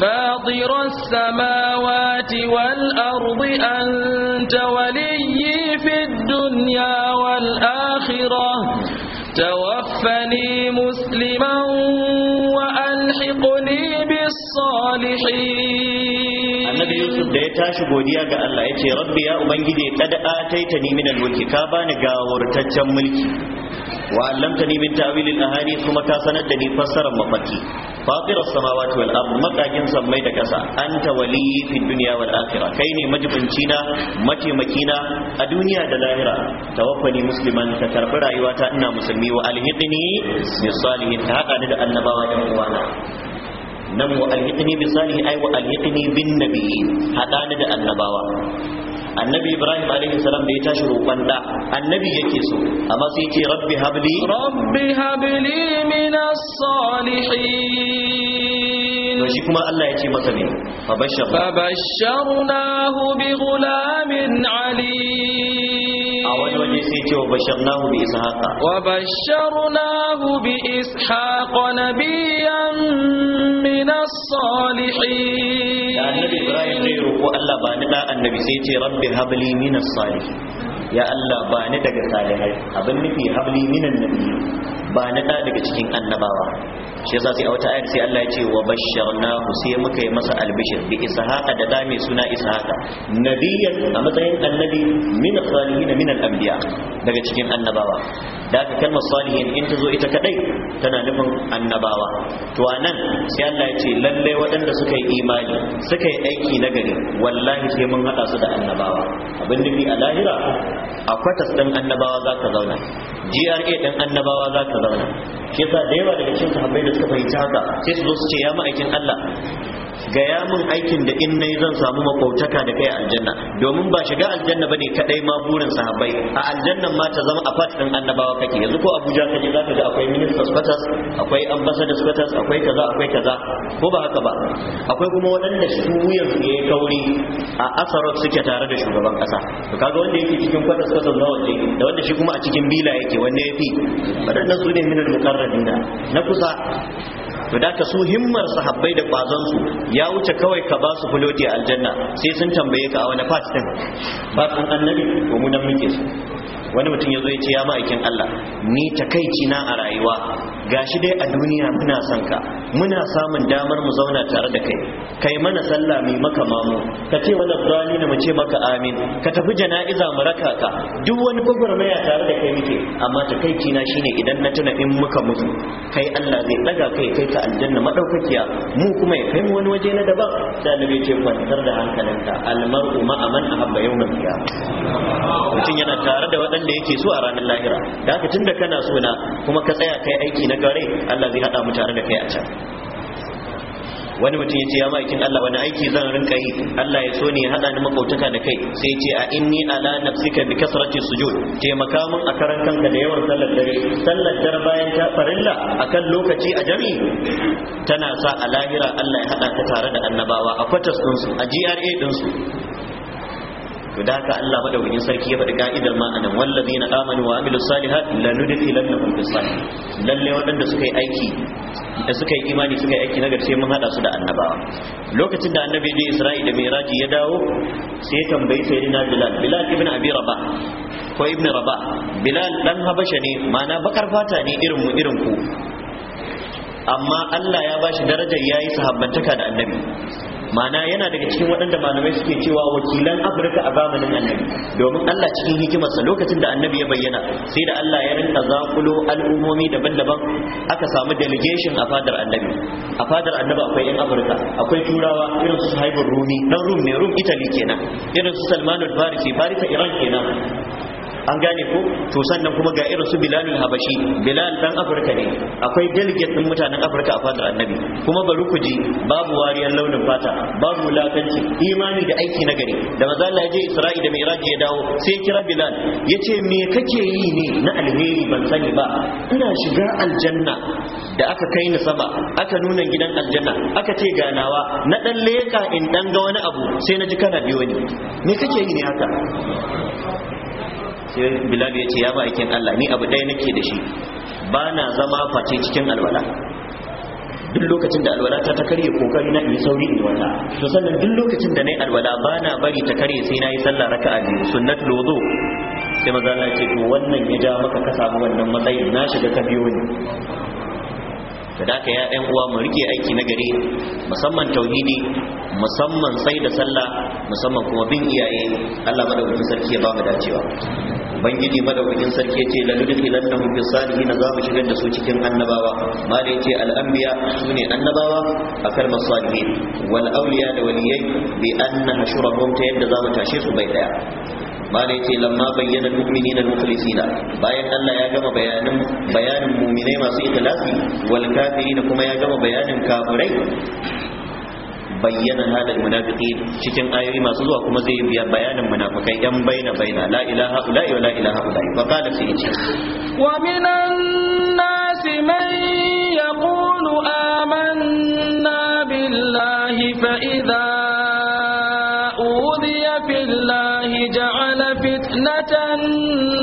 فاطر السماوات والأرض أنت وليي في الدنيا والآخرة توفني مسلما وألحقني بالصالحين da ya tashi godiya ga Allah ya ce rabbi ya ubangiji kad ataita ni min mulki ka bani gawurtaccen mulki wa allamtani min ta'wil kuma ka sanar da ni fassarar mafaki fatir as-samawati wal ard makakin sammai da kasa anta wali fi dunya wal akhirah kai ne majibinci na mataimaki na a duniya da lahira tawaffani musliman ka karbi rayuwata ina musulmi wa alhiqni bi salihin ta hada ni da annabawa da uwana nan wa alhiqni bi salih ay wa alhiqni bin nabiyyin hadani da annabawa annabi ibrahim alaihi salam da ya tashi roƙon da annabi yake so amma sai ce rabbi habli rabbi habli minas salihin to shi kuma Allah ya ce masa ne fabashsharnahu bi ghulamin alim a wani waje ce wa basharnahu bi ishaqa wa basharnahu bi ishaqa nabiyyan min as-salihin annabi ibrahim ne roko Allah ba ni da annabi sai ce rabbi habli min as-salihin ya Allah ba ni daga salihai abin nufi habli minan nabiyyin ba ni da daga cikin annabawa shi yasa sai a wata ayar sai Allah ya ce wa basharnahu sai muka yi masa albishir bi ishaqa da da mai suna ishaqa nabiyyan a matsayin annabi min salihin min al-anbiya daga cikin annabawa da aka kalmar salihin in ta zo ita kadai tana nufin annabawa to anan sai Allah ya ce lalle waɗanda suka yi imani suka yi aiki na gari wallahi sai mun hada su da annabawa abin nufi a lahira a kwatas ɗin annabawa za ka zauna GRA ɗin annabawa za ka zauna shi yasa da yawa daga cikin sahabbai da suka fahimci haka sai su zo su ce ya ma'aikin Allah gaya min aikin da in nayi zan samu makwautaka da kai aljanna domin ba shiga aljanna bane kadai ma burin sahabbai a aljannan ma ta zama a fatin annabawa kake yanzu ko Abuja kaje zaka ga akwai ministers quarters akwai ambassadors quarters akwai kaza akwai kaza ko ba haka ba akwai kuma waɗanda su wuyan su yayi kauri a asarot suke tare da shugaban kasa to kaga wanda yake cikin quarters quarters na waje da wanda shi kuma a cikin bila yake wanda yafi waɗannan su ne minal muqarrabina na kusa to ka su himmar sahabbai da kwazon su ya wuce kawai ka ba su fuloti a aljanna sai sun tambaye ka a wani fat din fat din annabi ko mu nan muke su wani mutum ya zo ya ce ya aikin Allah ni takaici na a rayuwa gashi dai a duniya muna son ka muna samun damar mu zauna tare da kai kai mana sallah mai maka mamu ka ce wala zalina mu ce maka amin ka tafi jana'iza mu raka ka duk wani gwagwarmaya tare da kai muke amma takaici na shine idan na tuna in muka mutu kai Allah zai daga kai kai ta aljanna madaukakiya mu kuma ya kai mu wani waje na daban da nabi ce kwantar da hankalinka almar'u ma'a man ahabba yawmal qiyamah mutum yana tare da waɗanda yake so a ranar lahira da haka tunda kana so na kuma ka tsaya kai aiki na gare Allah zai hada mu tare da kai a can wani mutum ya ce ya ma'aikin Allah wani aiki zan rinka yi Allah ya so ne ya haɗa ni makautaka da kai sai ya ce a inni ala nafsika bi kasrati sujud taimaka min a karan kanka da yawan sallar dare sallar dare bayan ta farilla akan lokaci a jami tana sa a lahira Allah ya haɗa ta tare da annabawa a kwatas ɗinsu a GRA ɗinsu to haka Allah madaukakin sarki ya faɗi ka'idar ma anan wallazina amanu wa amilu salihat lanudkhilannahum fis salih lalle wadanda suka yi aiki da suka yi imani suka yi aiki na gaske mun hada su da annabawa lokacin da annabi da Isra'i da Miraji ya dawo sai ya tambayi sayyidina Bilal Bilal ibn Abi Rabah ko ibn Rabah Bilal dan Habasha ne ma'ana bakar fata ne irin mu irin ku amma Allah ya bashi darajar yayi sahabbantaka da annabi mana yana daga cikin waɗanda malamai suke cewa wakilan afirka a zamanin annabi domin allah cikin hikimarsa lokacin da annabi ya bayyana sai da allah ya rinka zakulo al'ummomi daban-daban aka samu delegation a fadar annabi a fadar annabi akwai yan afirka akwai turawa irin su haibun rumi dan rum ne rum italy kenan irin su salmanul farisi farisa iran kenan an gane ko to sannan kuma ga irin su bilalul habashi bilal dan afirka ne akwai delegate din mutanen afirka a fadar annabi kuma bari ku ji babu wariyar launin fata babu wulakanci imani da aiki na gari da maza Allah ya je Isra'i da Mi'raj ya dawo sai kira Bilal Ya ce me kake yi ne na alheri ban sani ba ina shiga aljanna da aka kai ni sama aka nuna gidan aljanna aka ce ganawa na dan leka in dan ga wani abu sai na ji kana biyo ni me kake yi ne haka sai bilal ya ce ya ma'aikin Allah ni abu ɗaya nake da shi ba na zama face cikin alwala duk lokacin da alwala ta ta karye kokari na yi sauri in wata to sannan duk lokacin da nayi alwala ba na bari ta karye sai nayi sallah raka'a biyu sunnat wudu sai maza na ce to wannan ya ja maka ka samu wannan matsayin na shiga ka biyo ne da daka ya ɗan uwa mu rike aiki na gari musamman tauhidi musamman sai da sallah musamman kuma bin iyaye Allah madaukakin sarki ya ba mu dacewa Bangiji madaukakin sarki yace la nudkhilannahum fi salihin za mu shigar da su cikin annabawa mala yace al anbiya sune annabawa a masalihin wal awliya da waliyai bi anna hashurahum ta yadda za mu tashe su bai daya malai ce lamma bayyana mu'minina al-mukhlisina bayan Allah ya gama bayanin bayanin mu'minai masu ikhlasi wal kafirin kuma ya gama bayanin kafirai bayyana halal munafiqi cikin ayoyi masu zuwa kuma zai biya bayanin munafikai yan baina baina la ilaha illa wa la ilaha illa huwa qala sai ce wa minan nasi man yaqulu amanna billahi fa idza فتنة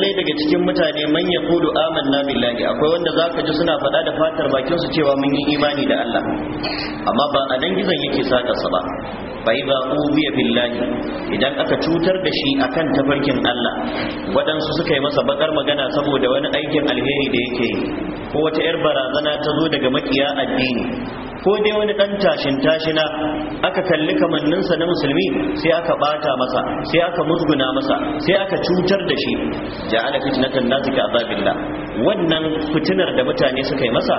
lallai daga cikin mutane man yaqulu amanna billahi akwai wanda za ka ji suna faɗa da fatar bakin su cewa mun yi imani da Allah amma ba a nan gizon yake saka sa ba fa idza ubiya billahi idan aka cutar da shi akan tafarkin Allah waɗansu suka yi masa bakar magana saboda wani aikin alheri da yake yi ko wata yar barazana ta zo daga makiya addini ko dai wani dan tashin tashina aka kalli kamanninsa na musulmi sai aka bata masa sai aka musguna masa sai aka cutar da shi ja'ala fitnatan nasi ka azabillah wannan fitinar da mutane suka yi masa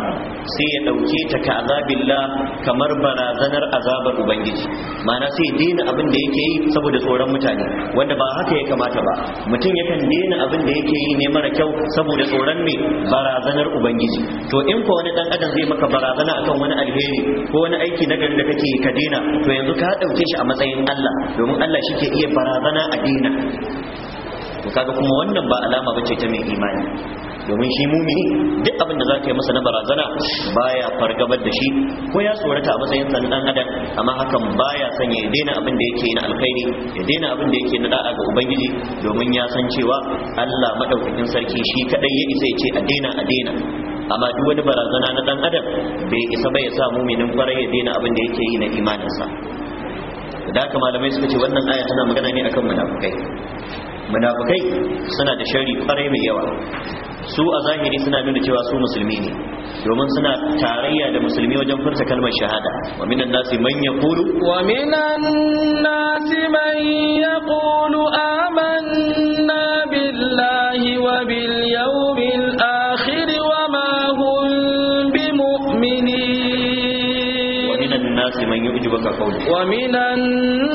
sai ya dauke ta ka azabillah kamar barazanar azabar ubangiji ma'ana sai ya daina abin da yake yi saboda tsoron mutane wanda ba haka ya kamata ba mutum yakan daina abin da yake yi ne mara kyau saboda tsoron me barazanar ubangiji to in ko wani dan adam zai maka barazana akan wani alheri ko wani aiki na gari da kake ka daina to yanzu ka ɗauke shi a matsayin Allah domin Allah shi ke iya barazana a dena kaga kuma wannan ba alama bace ta mai imani domin shi mumini duk abin da za yi masa na barazana baya fargabar da shi ko ya tsorata a matsayin sa dan adam amma hakan baya son ya daina abin da yake na alkhairi ya daina abin da yake na da'a ga ubangiji domin ya san cewa Allah madaukakin sarki shi kadai ya isa ya ce a daina a daina amma duk wani barazana na dan adam bai isa ba ya sa muminin kwarai ya daina abin da yake yi na imaninsa da haka malamai suka ce wannan aya tana magana ne akan munafukai munafukai suna da shari kwarai mai yawa su a zahiri suna nuna cewa su musulmi ne domin suna tarayya da musulmi wajen furta kalmar shahada wa minan nasi man yaqulu wa minan nasi man yaqulu amanna billahi wa bil yawmil akhir wa ma hum mu'minin. wa minan nasi man yu'jibuka qawluhu wa minan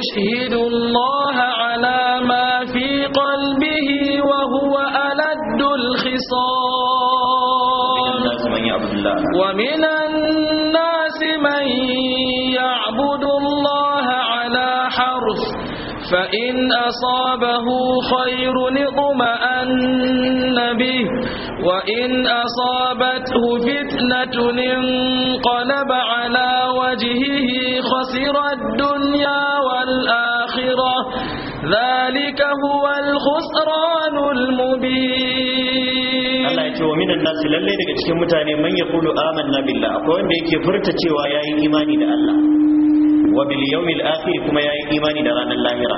يشهد الله على ما في قلبه وهو ألد الخصام ومن الناس من يعبد الله على حرف فإن أصابه خير اطمأن به وإن أصابته فتنة انقلب ce wa minan nasu lalle daga cikin mutane man aman na billah akwai wanda yake furta cewa yayi imani da Allah wa bil yawmil akhir kuma yayi imani da ranar lahira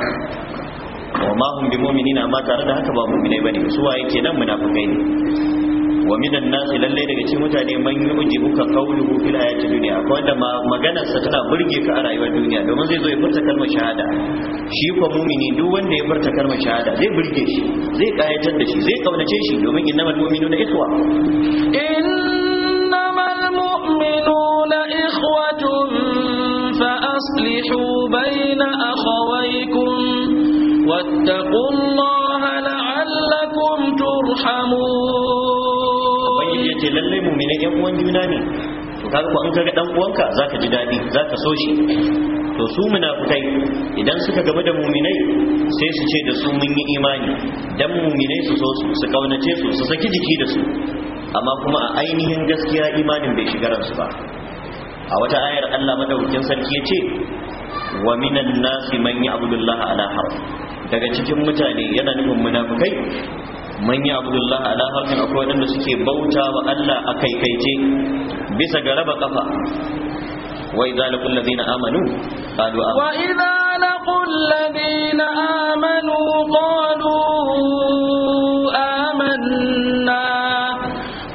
wa ma hum bimu'minina amma tare da haka ba mu'minai bane su waye kenan munafikai ne wa minan nasi lalle daga cikin mutane man kauli ko fil ayati dunya akwai wanda maganar sa tana burge ka a rayuwar duniya domin zai zo ya furta kalmar shahada shi ko mumini duk wanda ya furta kalmar shahada zai burge shi zai kayatar da shi zai kaunace shi domin innamal mu'minuna ikhwa innamal mu'minuna ikhwatun fa aslihu bayna akhawaykum wattaqullaha la'allakum turhamun ce mu mu'minai yan uwan juna ne to kaga ko an kaga dan uwanka zaka ji dadi zaka so shi to su munafikai idan suka gaba da mu'minai sai su ce da su mun yi imani dan mu'minai su so su su kaunace su su saki jiki da su amma kuma a ainihin gaskiya imanin bai shiga ransu ba a wata ayar Allah madaukakin sarki yace wa minan nasi man ya'budu Allah ala harf daga cikin mutane yana nufin munafikai man ya abdullahi ala harfin akwai wadanda suke bauta wa Allah a kaikaice bisa ga raba kafa wa idza laqul ladina amanu qalu amanna wa idza laqul ladina amanu qalu amanna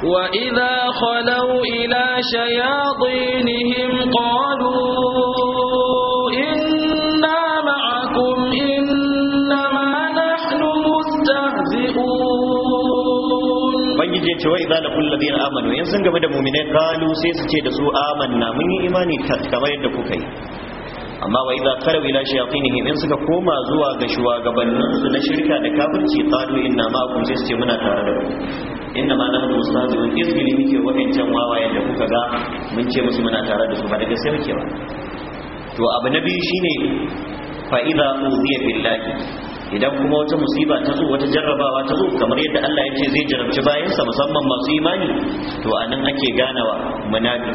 wa idza khalu ila shayatin ce wa idza kullu ladin amanu yanzu game da mu'minai kalu sai su ce da su amanna mun yi imani kamar yadda kuka yi amma wa idza karu ila shayatinihim yanzu suka koma zuwa ga shugabannin su na shirka da kafirci kalu inna kun sai su ce muna tare da ku inna ma nahnu mustahzi'un izgili muke wa'ancan wawa da kuka ga mun ce musu muna tare da su ba daga sai muke ba to abu na biyu shine fa idza uziya billahi idan kuma wata musiba ta zo wata jarrabawa ta zo kamar yadda Allah ya ce zai jarabci bayansa musamman masu imani to a nan ake ganawa munafi.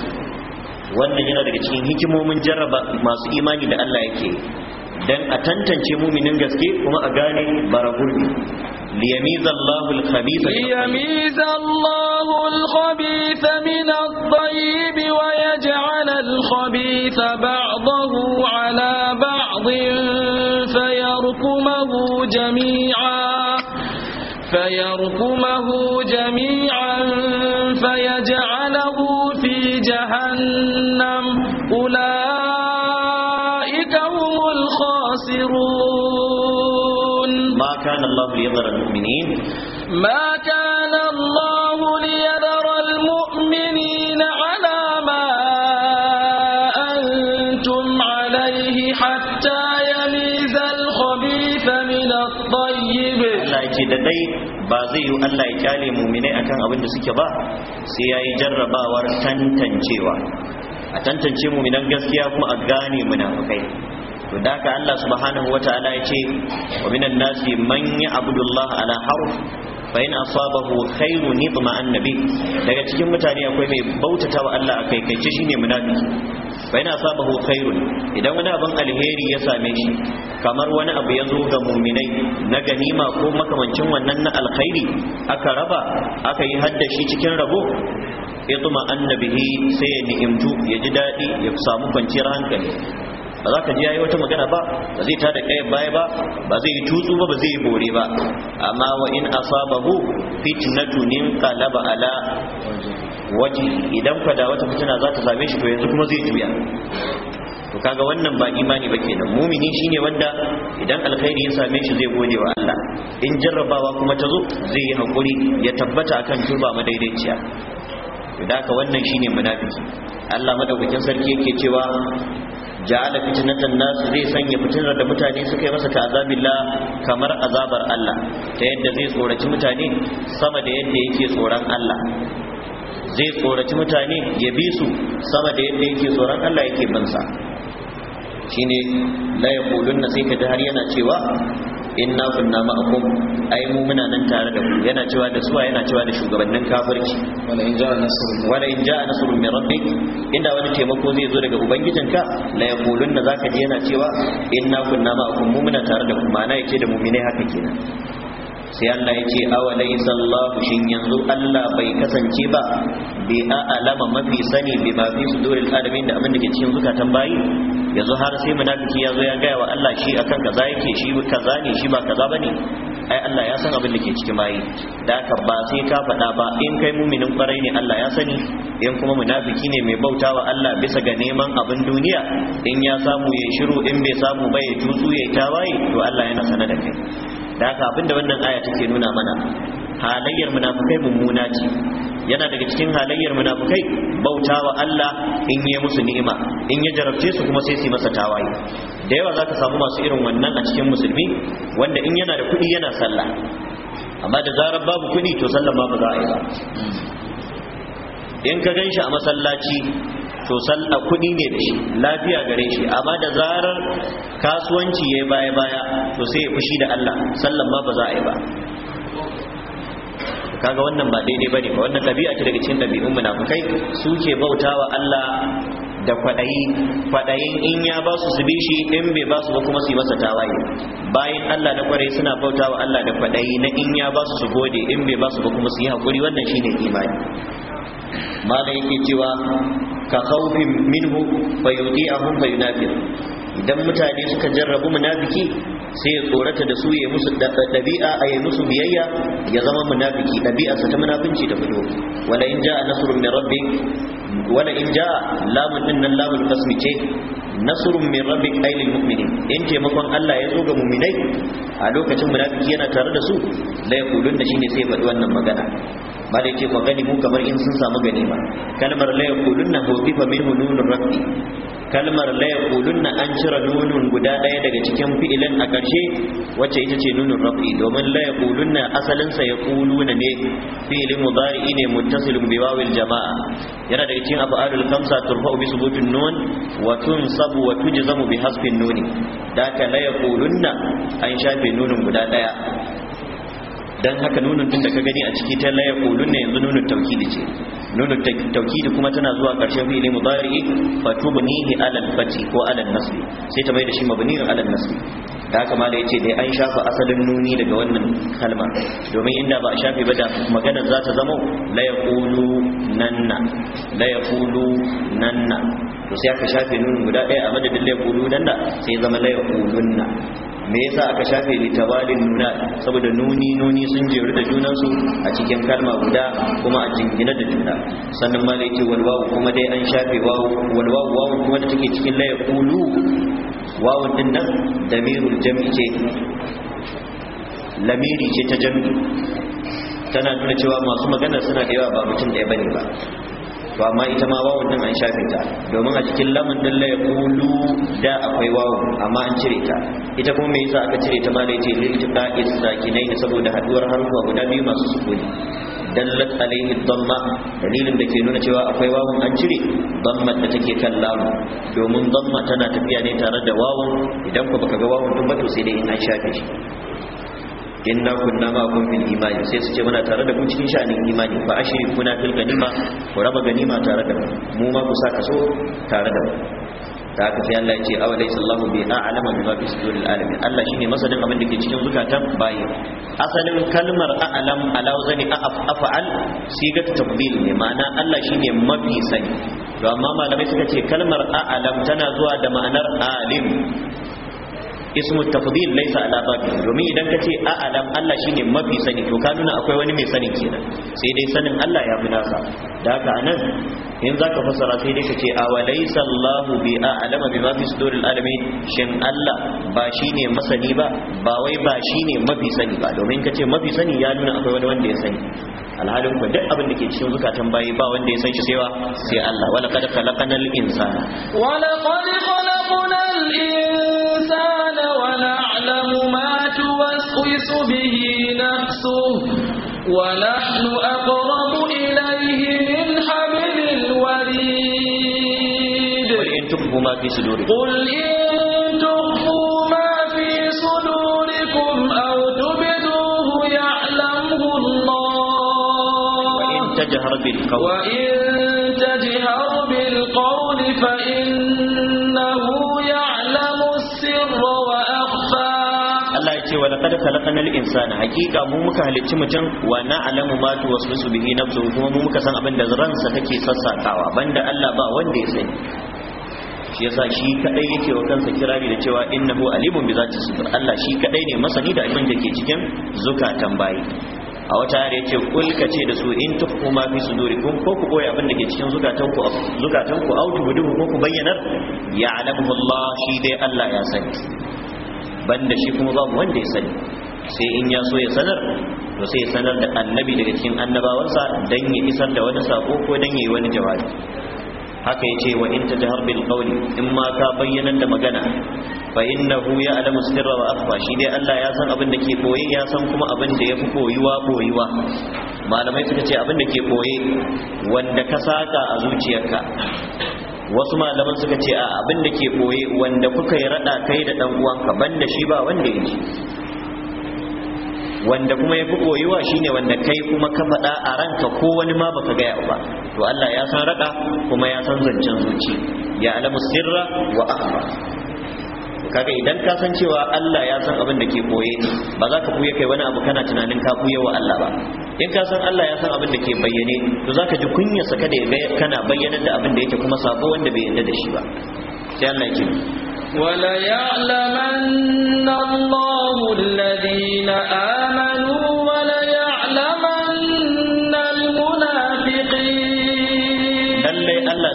wannan yana daga cikin hikimomin jarraba masu imani da Allah yake dan a tantance muminin gaske kuma a gane bara gurbi liyamiza Allahu al-khabitha liyamiza Allahu al-khabitha min at-tayyib wa yaj'al al-khabitha ba'dahu ala ba'din فيركمه جميعا فيركمه جميعا فيجعله في جهنم أولئك هم الخاسرون ما كان الله ليظهر المؤمنين ما kadai ba zai yi Allah ya kyale muminai akan abin da suke ba sai yayi jarrabawar tantancewa a tantance muminan gaskiya kuma a gane munafukai to da haka Allah subhanahu wataala ya ce wa minan nasi man abudullah ala harf fa in asabahu khairu idma annabi daga cikin mutane akwai mai bautatawa Allah akai kai ce shine munafiki fa yana sabahu khairun idan wani abin alheri ya same shi kamar wani abu ya zo ga muminai na ganima ko makamancin wannan na alkhairi aka raba aka yi shi cikin rabo ya tuma annabihi sai ya ni'imtu ya ji daɗi ya samu kwanciyar hankali ba za ka ji yayi wata magana ba ba zai tada kayan baya ba ba zai yi tutsu ba ba zai yi bore ba amma wa in asabahu fitnatun qalaba ala waje idan da wata fitina za ta same shi to yanzu kuma zai juya to kaga wannan ba imani ba kenan mumini shine wanda idan alkhairi ya same shi zai gode wa Allah in jarrabawa kuma ta zo zai yi hakuri ya tabbata akan turba madaidaiciya to da wannan shine munafiki Allah madaukakin sarki yake cewa ja'ala fitnatan nas zai sanya fitinar da mutane suka yi masa ta kamar azabar Allah ta yadda zai tsoraci mutane sama da yadda yake tsoron Allah zai tsoraci mutane ya bi su sama da yadda yake tsoron Allah yake bansa shine la na sai ka har yana cewa inna kunna ma'akum ai mu muna nan tare da ku yana cewa da suwa yana cewa da shugabannin kafirci wala in ja'a nasrun wala in ja'a nasrun min rabbik inda wani taimako zai zo daga ubangijinka la yaqulunna zaka ji yana cewa inna kunna ma'akum mu muna tare da ku ma'ana yake da mu'mine haka kenan sai Allah ya ce awalaysa Allah shin yanzu Allah bai kasance ba bi a'lama mafi sani bi ma fi suduril alamin da abin da ke cikin zukatan bayi yanzu har sai munafiki ya zo ya gaya wa Allah shi akan kaza yake shi kaza ne shi ba kaza bane ai Allah ya san abin da ke cikin bayi da haka ba sai ka faɗa ba in kai muminin kwarai ne Allah ya sani in kuma munafiki ne mai bauta wa Allah bisa ga neman abin duniya in ya samu ya shiru in bai samu ba ya tutsu ya tawaye to Allah yana sanar da kai da haka da wannan aya take nuna mana halayyar munafukai mummuna ce yana daga cikin halayyar munafukai bauta wa Allah in yi musu ni'ima in ya jarabce su kuma sai su masa tawaye da yawa za ka samu masu irin wannan a cikin musulmi wanda in yana da kuɗi yana sallah amma da zarar babu kuɗi to sallah ba za a yi ba in ka gan shi a masallaci to sallah kuɗi ne da shi lafiya gare shi amma da zarar kasuwanci ya baya baya to sai ya fushi da Allah sallan ma ba za a yi ba kaga wannan ba daidai bane ba wannan tabi'a ce daga cikin dabi'un munafikai suke bautawa Allah da kwadayi kwadayin in ya ba su su bi shi in bai ba su ba kuma su yi masa tawaye bayan Allah na kwarai suna bautawa Allah da kwadayi na in ya ba su su gode in bai ba su ba kuma su yi hakuri wannan shine imani malai yake cewa ka khawfin minhu fa yudi'ahum fa yunafiq idan mutane suka jarrabu munafiki sai ya tsorata da su ya musu dabi'a a yi musu biyayya ya zama munafiki dabi'a sa ta munafinci ta fito wala in ja'a nasrun min rabbik wala in ja'a lamun din nan lamun qasmi ce nasrun min rabbik ay lil mu'minin in taimakon Allah ya zo ga mu'minai a lokacin munafiki yana tare da su la yaqulun da shine sai faɗi wannan magana amma da yake magani mu kamar in sun samu gani kalmar la yaqulunna fa min rafi kalmar la na an cire nunun guda daya daga cikin fi'ilan a karshe wacce ita ce nunun rafi domin la yaqulunna asalin sa yaquluna ne fi'ilin mudari'i ne muttasilun bi wawil jama'a yana daga cikin af'alul khamsa turfa'u bi subutun nun wa tunsabu wa tujzamu bi haskin nuni da ka la na an shafe nunun guda daya dan haka nunun tun da ka gani a ciki ta la yaqulun ne yanzu nunun tawkidi ce nunun tawkidi kuma tana zuwa karshen fi'ili mudari fa tubnihi ala al-fati ko ala al-nasb sai ta mai da shi mabni ala al-nasb da haka ma da yace dai an shafa asalin nuni daga wannan kalma domin inda ba a shafe ba da magana za ta zama la yaqulu nanna la yaqulu nanna to sai aka shafe nunun guda ɗaya a madadin la yaqulu nanna sai zama la yaqulunna me yasa aka shafe ni tabalin nuna saboda nuni nuni sun jeru da junan su a cikin kalma guda kuma a jingina da juna sannan ma ce walwawu kuma dai an shafe wawu walwawu wawu kuma da take cikin la yaqulu wawun din nan damirul jam'i ce lamiri ce ta jam'i tana nuna cewa masu magana suna da yawa ba mutum ɗaya bane ba to amma ita ma wawun din an shafe ta domin a cikin lamun din la yaqulu da akwai wawun amma an cire ta ita kuma me yasa aka cire ta ma da yace lil tiqa'is sakinai saboda haduwar harufa guda biyu masu sukuni dallat alaihi dhamma dalilin da ke nuna cewa akwai wawun an cire dhamma da take kan lamu domin dhamma tana tafiya ne tare da wawun idan ku baka ga wawun din ba to sai dai in an shafe shi inna kunna ma'akum fil imani sai su ce muna tare da ku cikin sha'anin imani fa ashri kuna fil ganima ku raba ganima tare da mu ma ku sa kaso tare da mu ta haka sai Allah ya ce awa laysa Allahu bi a'lama bima fi suduril alamin Allah shine masanin abin da ke cikin zukatan baye. asalin kalmar a'lam ala wazani af'al sigat tafdil ne ma'ana Allah shine mafi sani to amma malamai suka ce kalmar a'lam tana zuwa da ma'anar alim ismu tafdil laysa ala batil domin idan ka ce a dan Allah shine mafi sani to ka nuna akwai wani mai sani kenan sai dai sanin Allah ya fi nasa da haka anan in zaka fassara sai dai ka ce a walaysa Allah bi a alama bi mafi suduril alamin shin Allah ba shine masani ba ba wai ba shine mafi sani ba domin ka ce mafi sani ya nuna akwai wani wanda ya sani alhalin ku duk abin da ke cikin zukatan bayi ba wanda ya san shi sai wa sai Allah wala qad khalaqnal insana wala qad khalaqnal insana ونحن أقرب إليه من حبل الوريد قل إن تخفوا ما في صدوركم قل إن تخفوا ما في صدوركم أو تبدوه يعلمه الله وإن تجهر بالقول وإن laqad khalaqna al-insana haqiqa mu muka halicci mutum wa na'lamu ma tuwaswisu bihi nafsu kuma mu muka san abin da ransa take sassatawa banda Allah ba wanda ya sani shi yasa shi kadai yake wa kansa kirari da cewa innahu alimun bi zati sudur Allah shi kadai ne masani da abin da ke cikin zukatan bayi a wata yare yace kul ce da su in tukhfu ma fi sudurikum ko ku boye abin da ke cikin zukatan ku zukatan ku ko ku bayyanar ya'lamu Allah shi dai Allah ya sani banda shi kuma babu wanda ya sani sai in ya so ya sanar to sai ya sanar da annabi daga cikin annabawansa dan ya isar da wani sako ko dan yayi wani jawabi haka yace wa in tajhar bil qawli in ma ka bayyana da magana fa innahu ya'lamu sirra wa akhfa shi dai Allah ya san abin da ke koyi ya san kuma abin da yafi koyuwa koyuwa malamai suka ce abin da ke koye wanda ka saka a zuciyarka wasu malaman suka ce a abin da ke boye wanda kuka yi rada kai da dan uwanka banda shi ba wanda ya wanda kuma ya fi shine wanda kai kuma ka faɗa a ranka ko wani ma baka gaya ba to Allah ya san raka kuma ya san zancen zuci ya alamu sirra wa akhfa kaga idan ka san cewa Allah ya san abin da ke koye ba za ka buya kai wani abu kana tunanin ka buya wa Allah ba in ka san Allah ya san abin da ke bayyane to za ka ji kunya saka da kana bayyana da abin da yake kuma sabo wanda bai yarda da shi ba sai Allah yake wala ya'lamanna Allahu alladhina amanu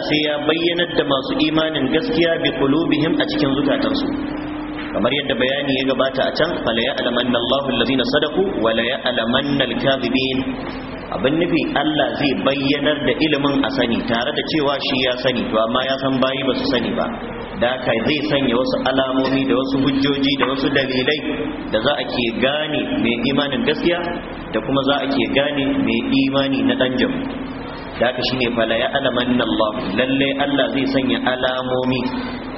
sai ya bayyanar da masu imanin gaskiya bi qulubihim a cikin zukatansu kamar yadda bayani ya gabata a can fala ya'lamanna Allahu allazina sadaku wa la ya'lamanna al-kadhibin abin nufi Allah zai bayyanar da ilimin a sani tare da cewa shi ya sani to amma ya san bayi ba su sani ba da haka zai sanya wasu alamomi da wasu hujjoji da wasu dalilai da za a ke gane mai imanin gaskiya da kuma za a ke gane mai imani na danjam da haka shine fala ya alamanna Allah lalle Allah zai sanya alamomi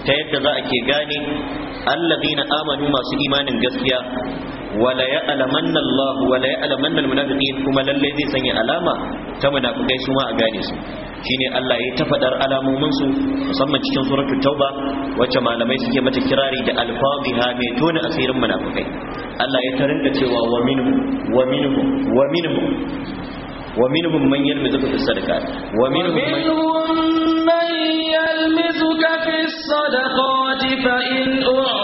ta yadda za a ke gane allazina amanu masu imanin gaskiya wala ya alamanna Allah wala ya alamanna almunafiqin kuma lalle zai sanya alama ta munafikai su ma a gane su shine Allah ya ta faɗar alamomin su musamman cikin suratul tauba wacce malamai suke mata kirari da alfabiha mai tona asirin munafikai Allah ya tarinda cewa wa minhum wa minhum wa minhum ومنهم من يلمزك في الصدقات ومنهم من يلمزك في الصدقات فإن أعطي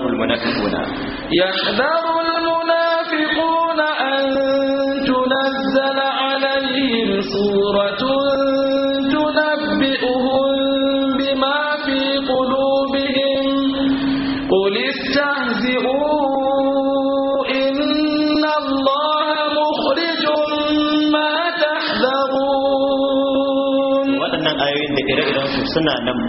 يحذر المنافقون يحذر المنافقون أن تنزل عليهم سورة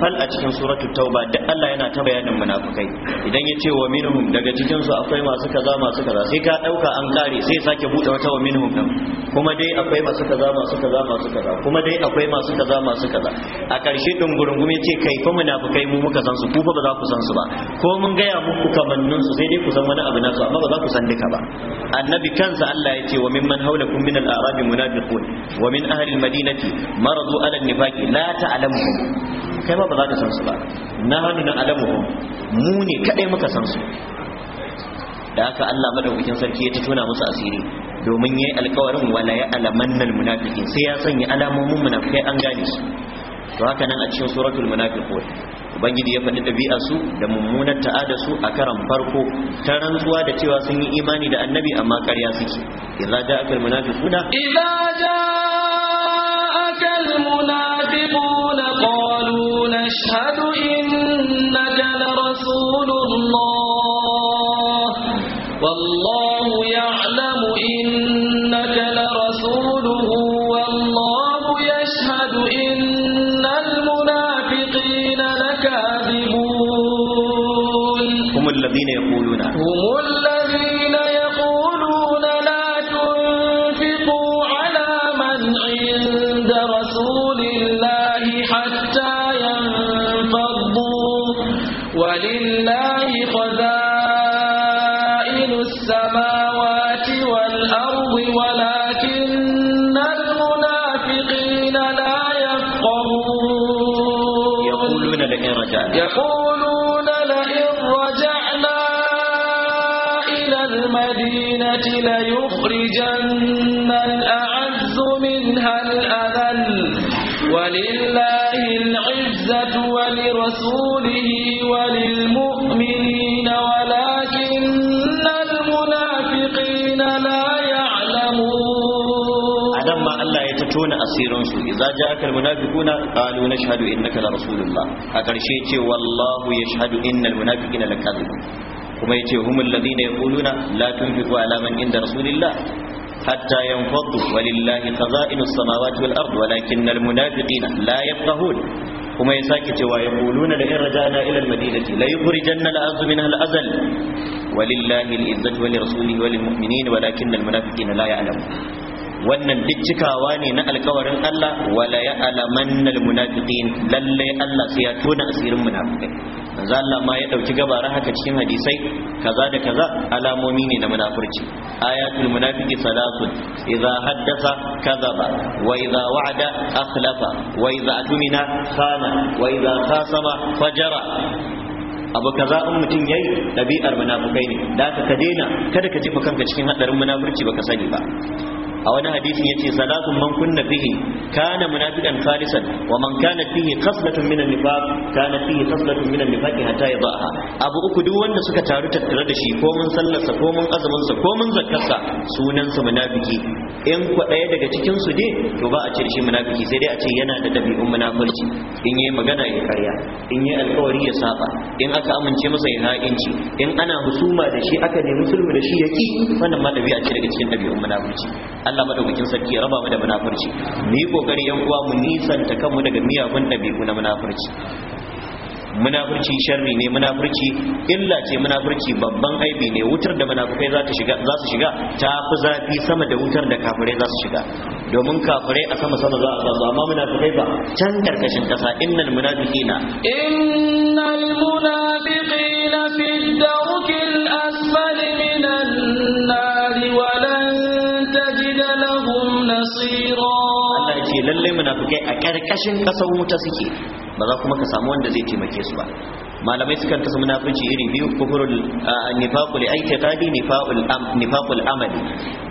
fal a cikin suratul tauba da Allah yana ta bayanin munafikai idan ya ce wa minhum daga cikin su akwai masu kaza masu kaza sai ka dauka an kare sai sake bude wata wa minhum din kuma dai akwai masu kaza masu kaza masu kaza kuma dai akwai masu kaza masu kaza a karshe din gurungume ce kai fa munafikai mu muka san su ku fa ba za ku san su ba ko mun gaya muku kamannin su sai dai ku san wani abu na su amma ba za ku san duka ba annabi kansa Allah ya ce wa mimman haulakum min al-a'rab munafiqun wa min ahli al-madinati maradu ala an-nifaqi la ta'lamuhum kai ma ba za ka san su ba na hannu na alamuhum mu ne kaɗai muka san su da haka Allah madaukakin sarki ya ta tuna musu asiri domin yayi alƙawarin wala ya alamannal munafiqin sai ya sanya alamomin munafikai an gane su to haka nan a cikin suratul munafiqun ubangiji ya faɗi ɗabi'a su da mummunar ta'ada su a karan farko ta rantsuwa da cewa sun yi imani da annabi amma ƙarya suke idza al munafiquna idza ولرسوله وللمؤمنين ولكن المنافقين لا يعلمون ما الله يتتون أسيرون سوء إذا جاءك المنافقون قالوا نشهد إنك لرسول الله أكرشيتي والله يشهد إن المنافقين لكاذبون kuma هم الذين يقولون لا تنفقوا على من عند رسول الله حتى ينفضوا ولله خزائن السماوات والأرض ولكن المنافقين لا يفقهون kuma ya sake cewa ya kuluna da in raja'na ila madinati la yukhrijanna al-azm min al-azal walillahi al-izzatu wa li rasulihi wa lil mu'minin walakinna al-munafiqina la ya'lamun wannan duk cikawa ne na alkawarin Allah wala ya'lamanna al-munafiqin lalle Allah sai ya tona asirin munafikai manzo Allah ma ya dauki gabara haka cikin hadisai kaza da kaza alamomi ne na munafurci ayatul munafiqi salatun idza haddasa kadhaba wa idza wa'ada akhlafa wa idza atumina khana wa idza khasama fajara abu kaza in mutum yayi dabi'ar munafukai ne da ka daina kada ka jefa kanka cikin hadarin munafurci baka sani ba a wani hadisi yace salatun man kunna fihi kana munafiqan khalisan wa man kana fihi khaslatun minan nifaq kana fihi khaslatun minan nifaq hatta yadaha abu uku duk wanda suka taru tattare da shi ko mun sallarsa ko mun azumin sa ko mun zakkarsa sunan sa munafiki in ku daya daga cikin su ne to ba a ce shi munafiki sai dai a ce yana da dabi'un munafurci in yayi magana ya karya in yayi alƙawari ya saba in aka amince masa ya haƙinci in ana husuma da shi aka nemi sulhu da shi yaki wannan ma dabi'a ce daga cikin dabi'un munafurci Allah madaukakin sarki ya raba mu da munafurci mu yi kokari yan uwa mu nisanta kanmu daga miyagun ɗabi'u na munafurci munafurci sharri ne munafurci illa ce munafurci babban aibi ne wutar da munafukai za ta shiga za su shiga ta fi zafi sama da wutar da kafirai za su shiga domin kafirai a sama sama za a ba amma munafukai ba can karkashin kasa innal munafiqina innal munafiqina fi dawkil lallai munafikai a ƙarƙashin ƙasar wuta suke ba za kuma ka samu wanda zai taimake su ba malamai sukan tasu munafici iri biyu kufurul nifaqul aitiqadi nifaqul am nifaqul amali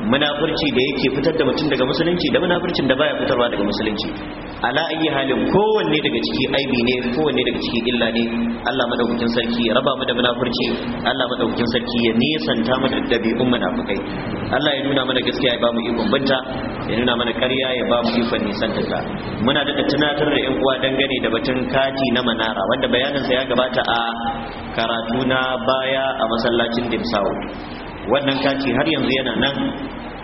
Munafurci da yake fitar da mutum daga musulunci da munafurcin da baya fitarwa daga musulunci ala ayi halin kowanne daga ciki aibi ne kowanne daga ciki illa ne Allah madaukakin sarki raba mu da munafurci. Allah madaukakin sarki ya nisanta mu da dabi'un munafikai Allah ya nuna mana gaskiya ya ba mu ikon banta ya nuna mana ƙarya ya ba mu ikon nisanta muna da tunatar da yan uwa dangane da batun kati na manara wanda bayanin sa ya gabata a karatu na baya a masallacin dimsawo wannan kati har yanzu yana nan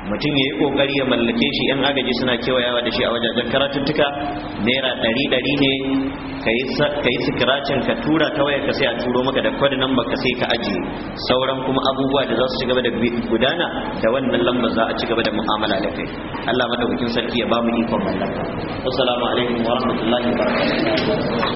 mutum ya yi kokari ya mallake shi yan agaji suna kewayawa da shi a wajajen karatuttuka naira ɗari ɗari ne ka yi sikiracin ka tura ta wayar ka sai a turo maka da kwadi nan ka sai ka ajiye sauran kuma abubuwa da za su ci gaba da gudana da wannan lambar za a ci gaba da mu'amala da kai Allah madaukakin sarki ya ba mu ikon mallaka assalamu alaikum wa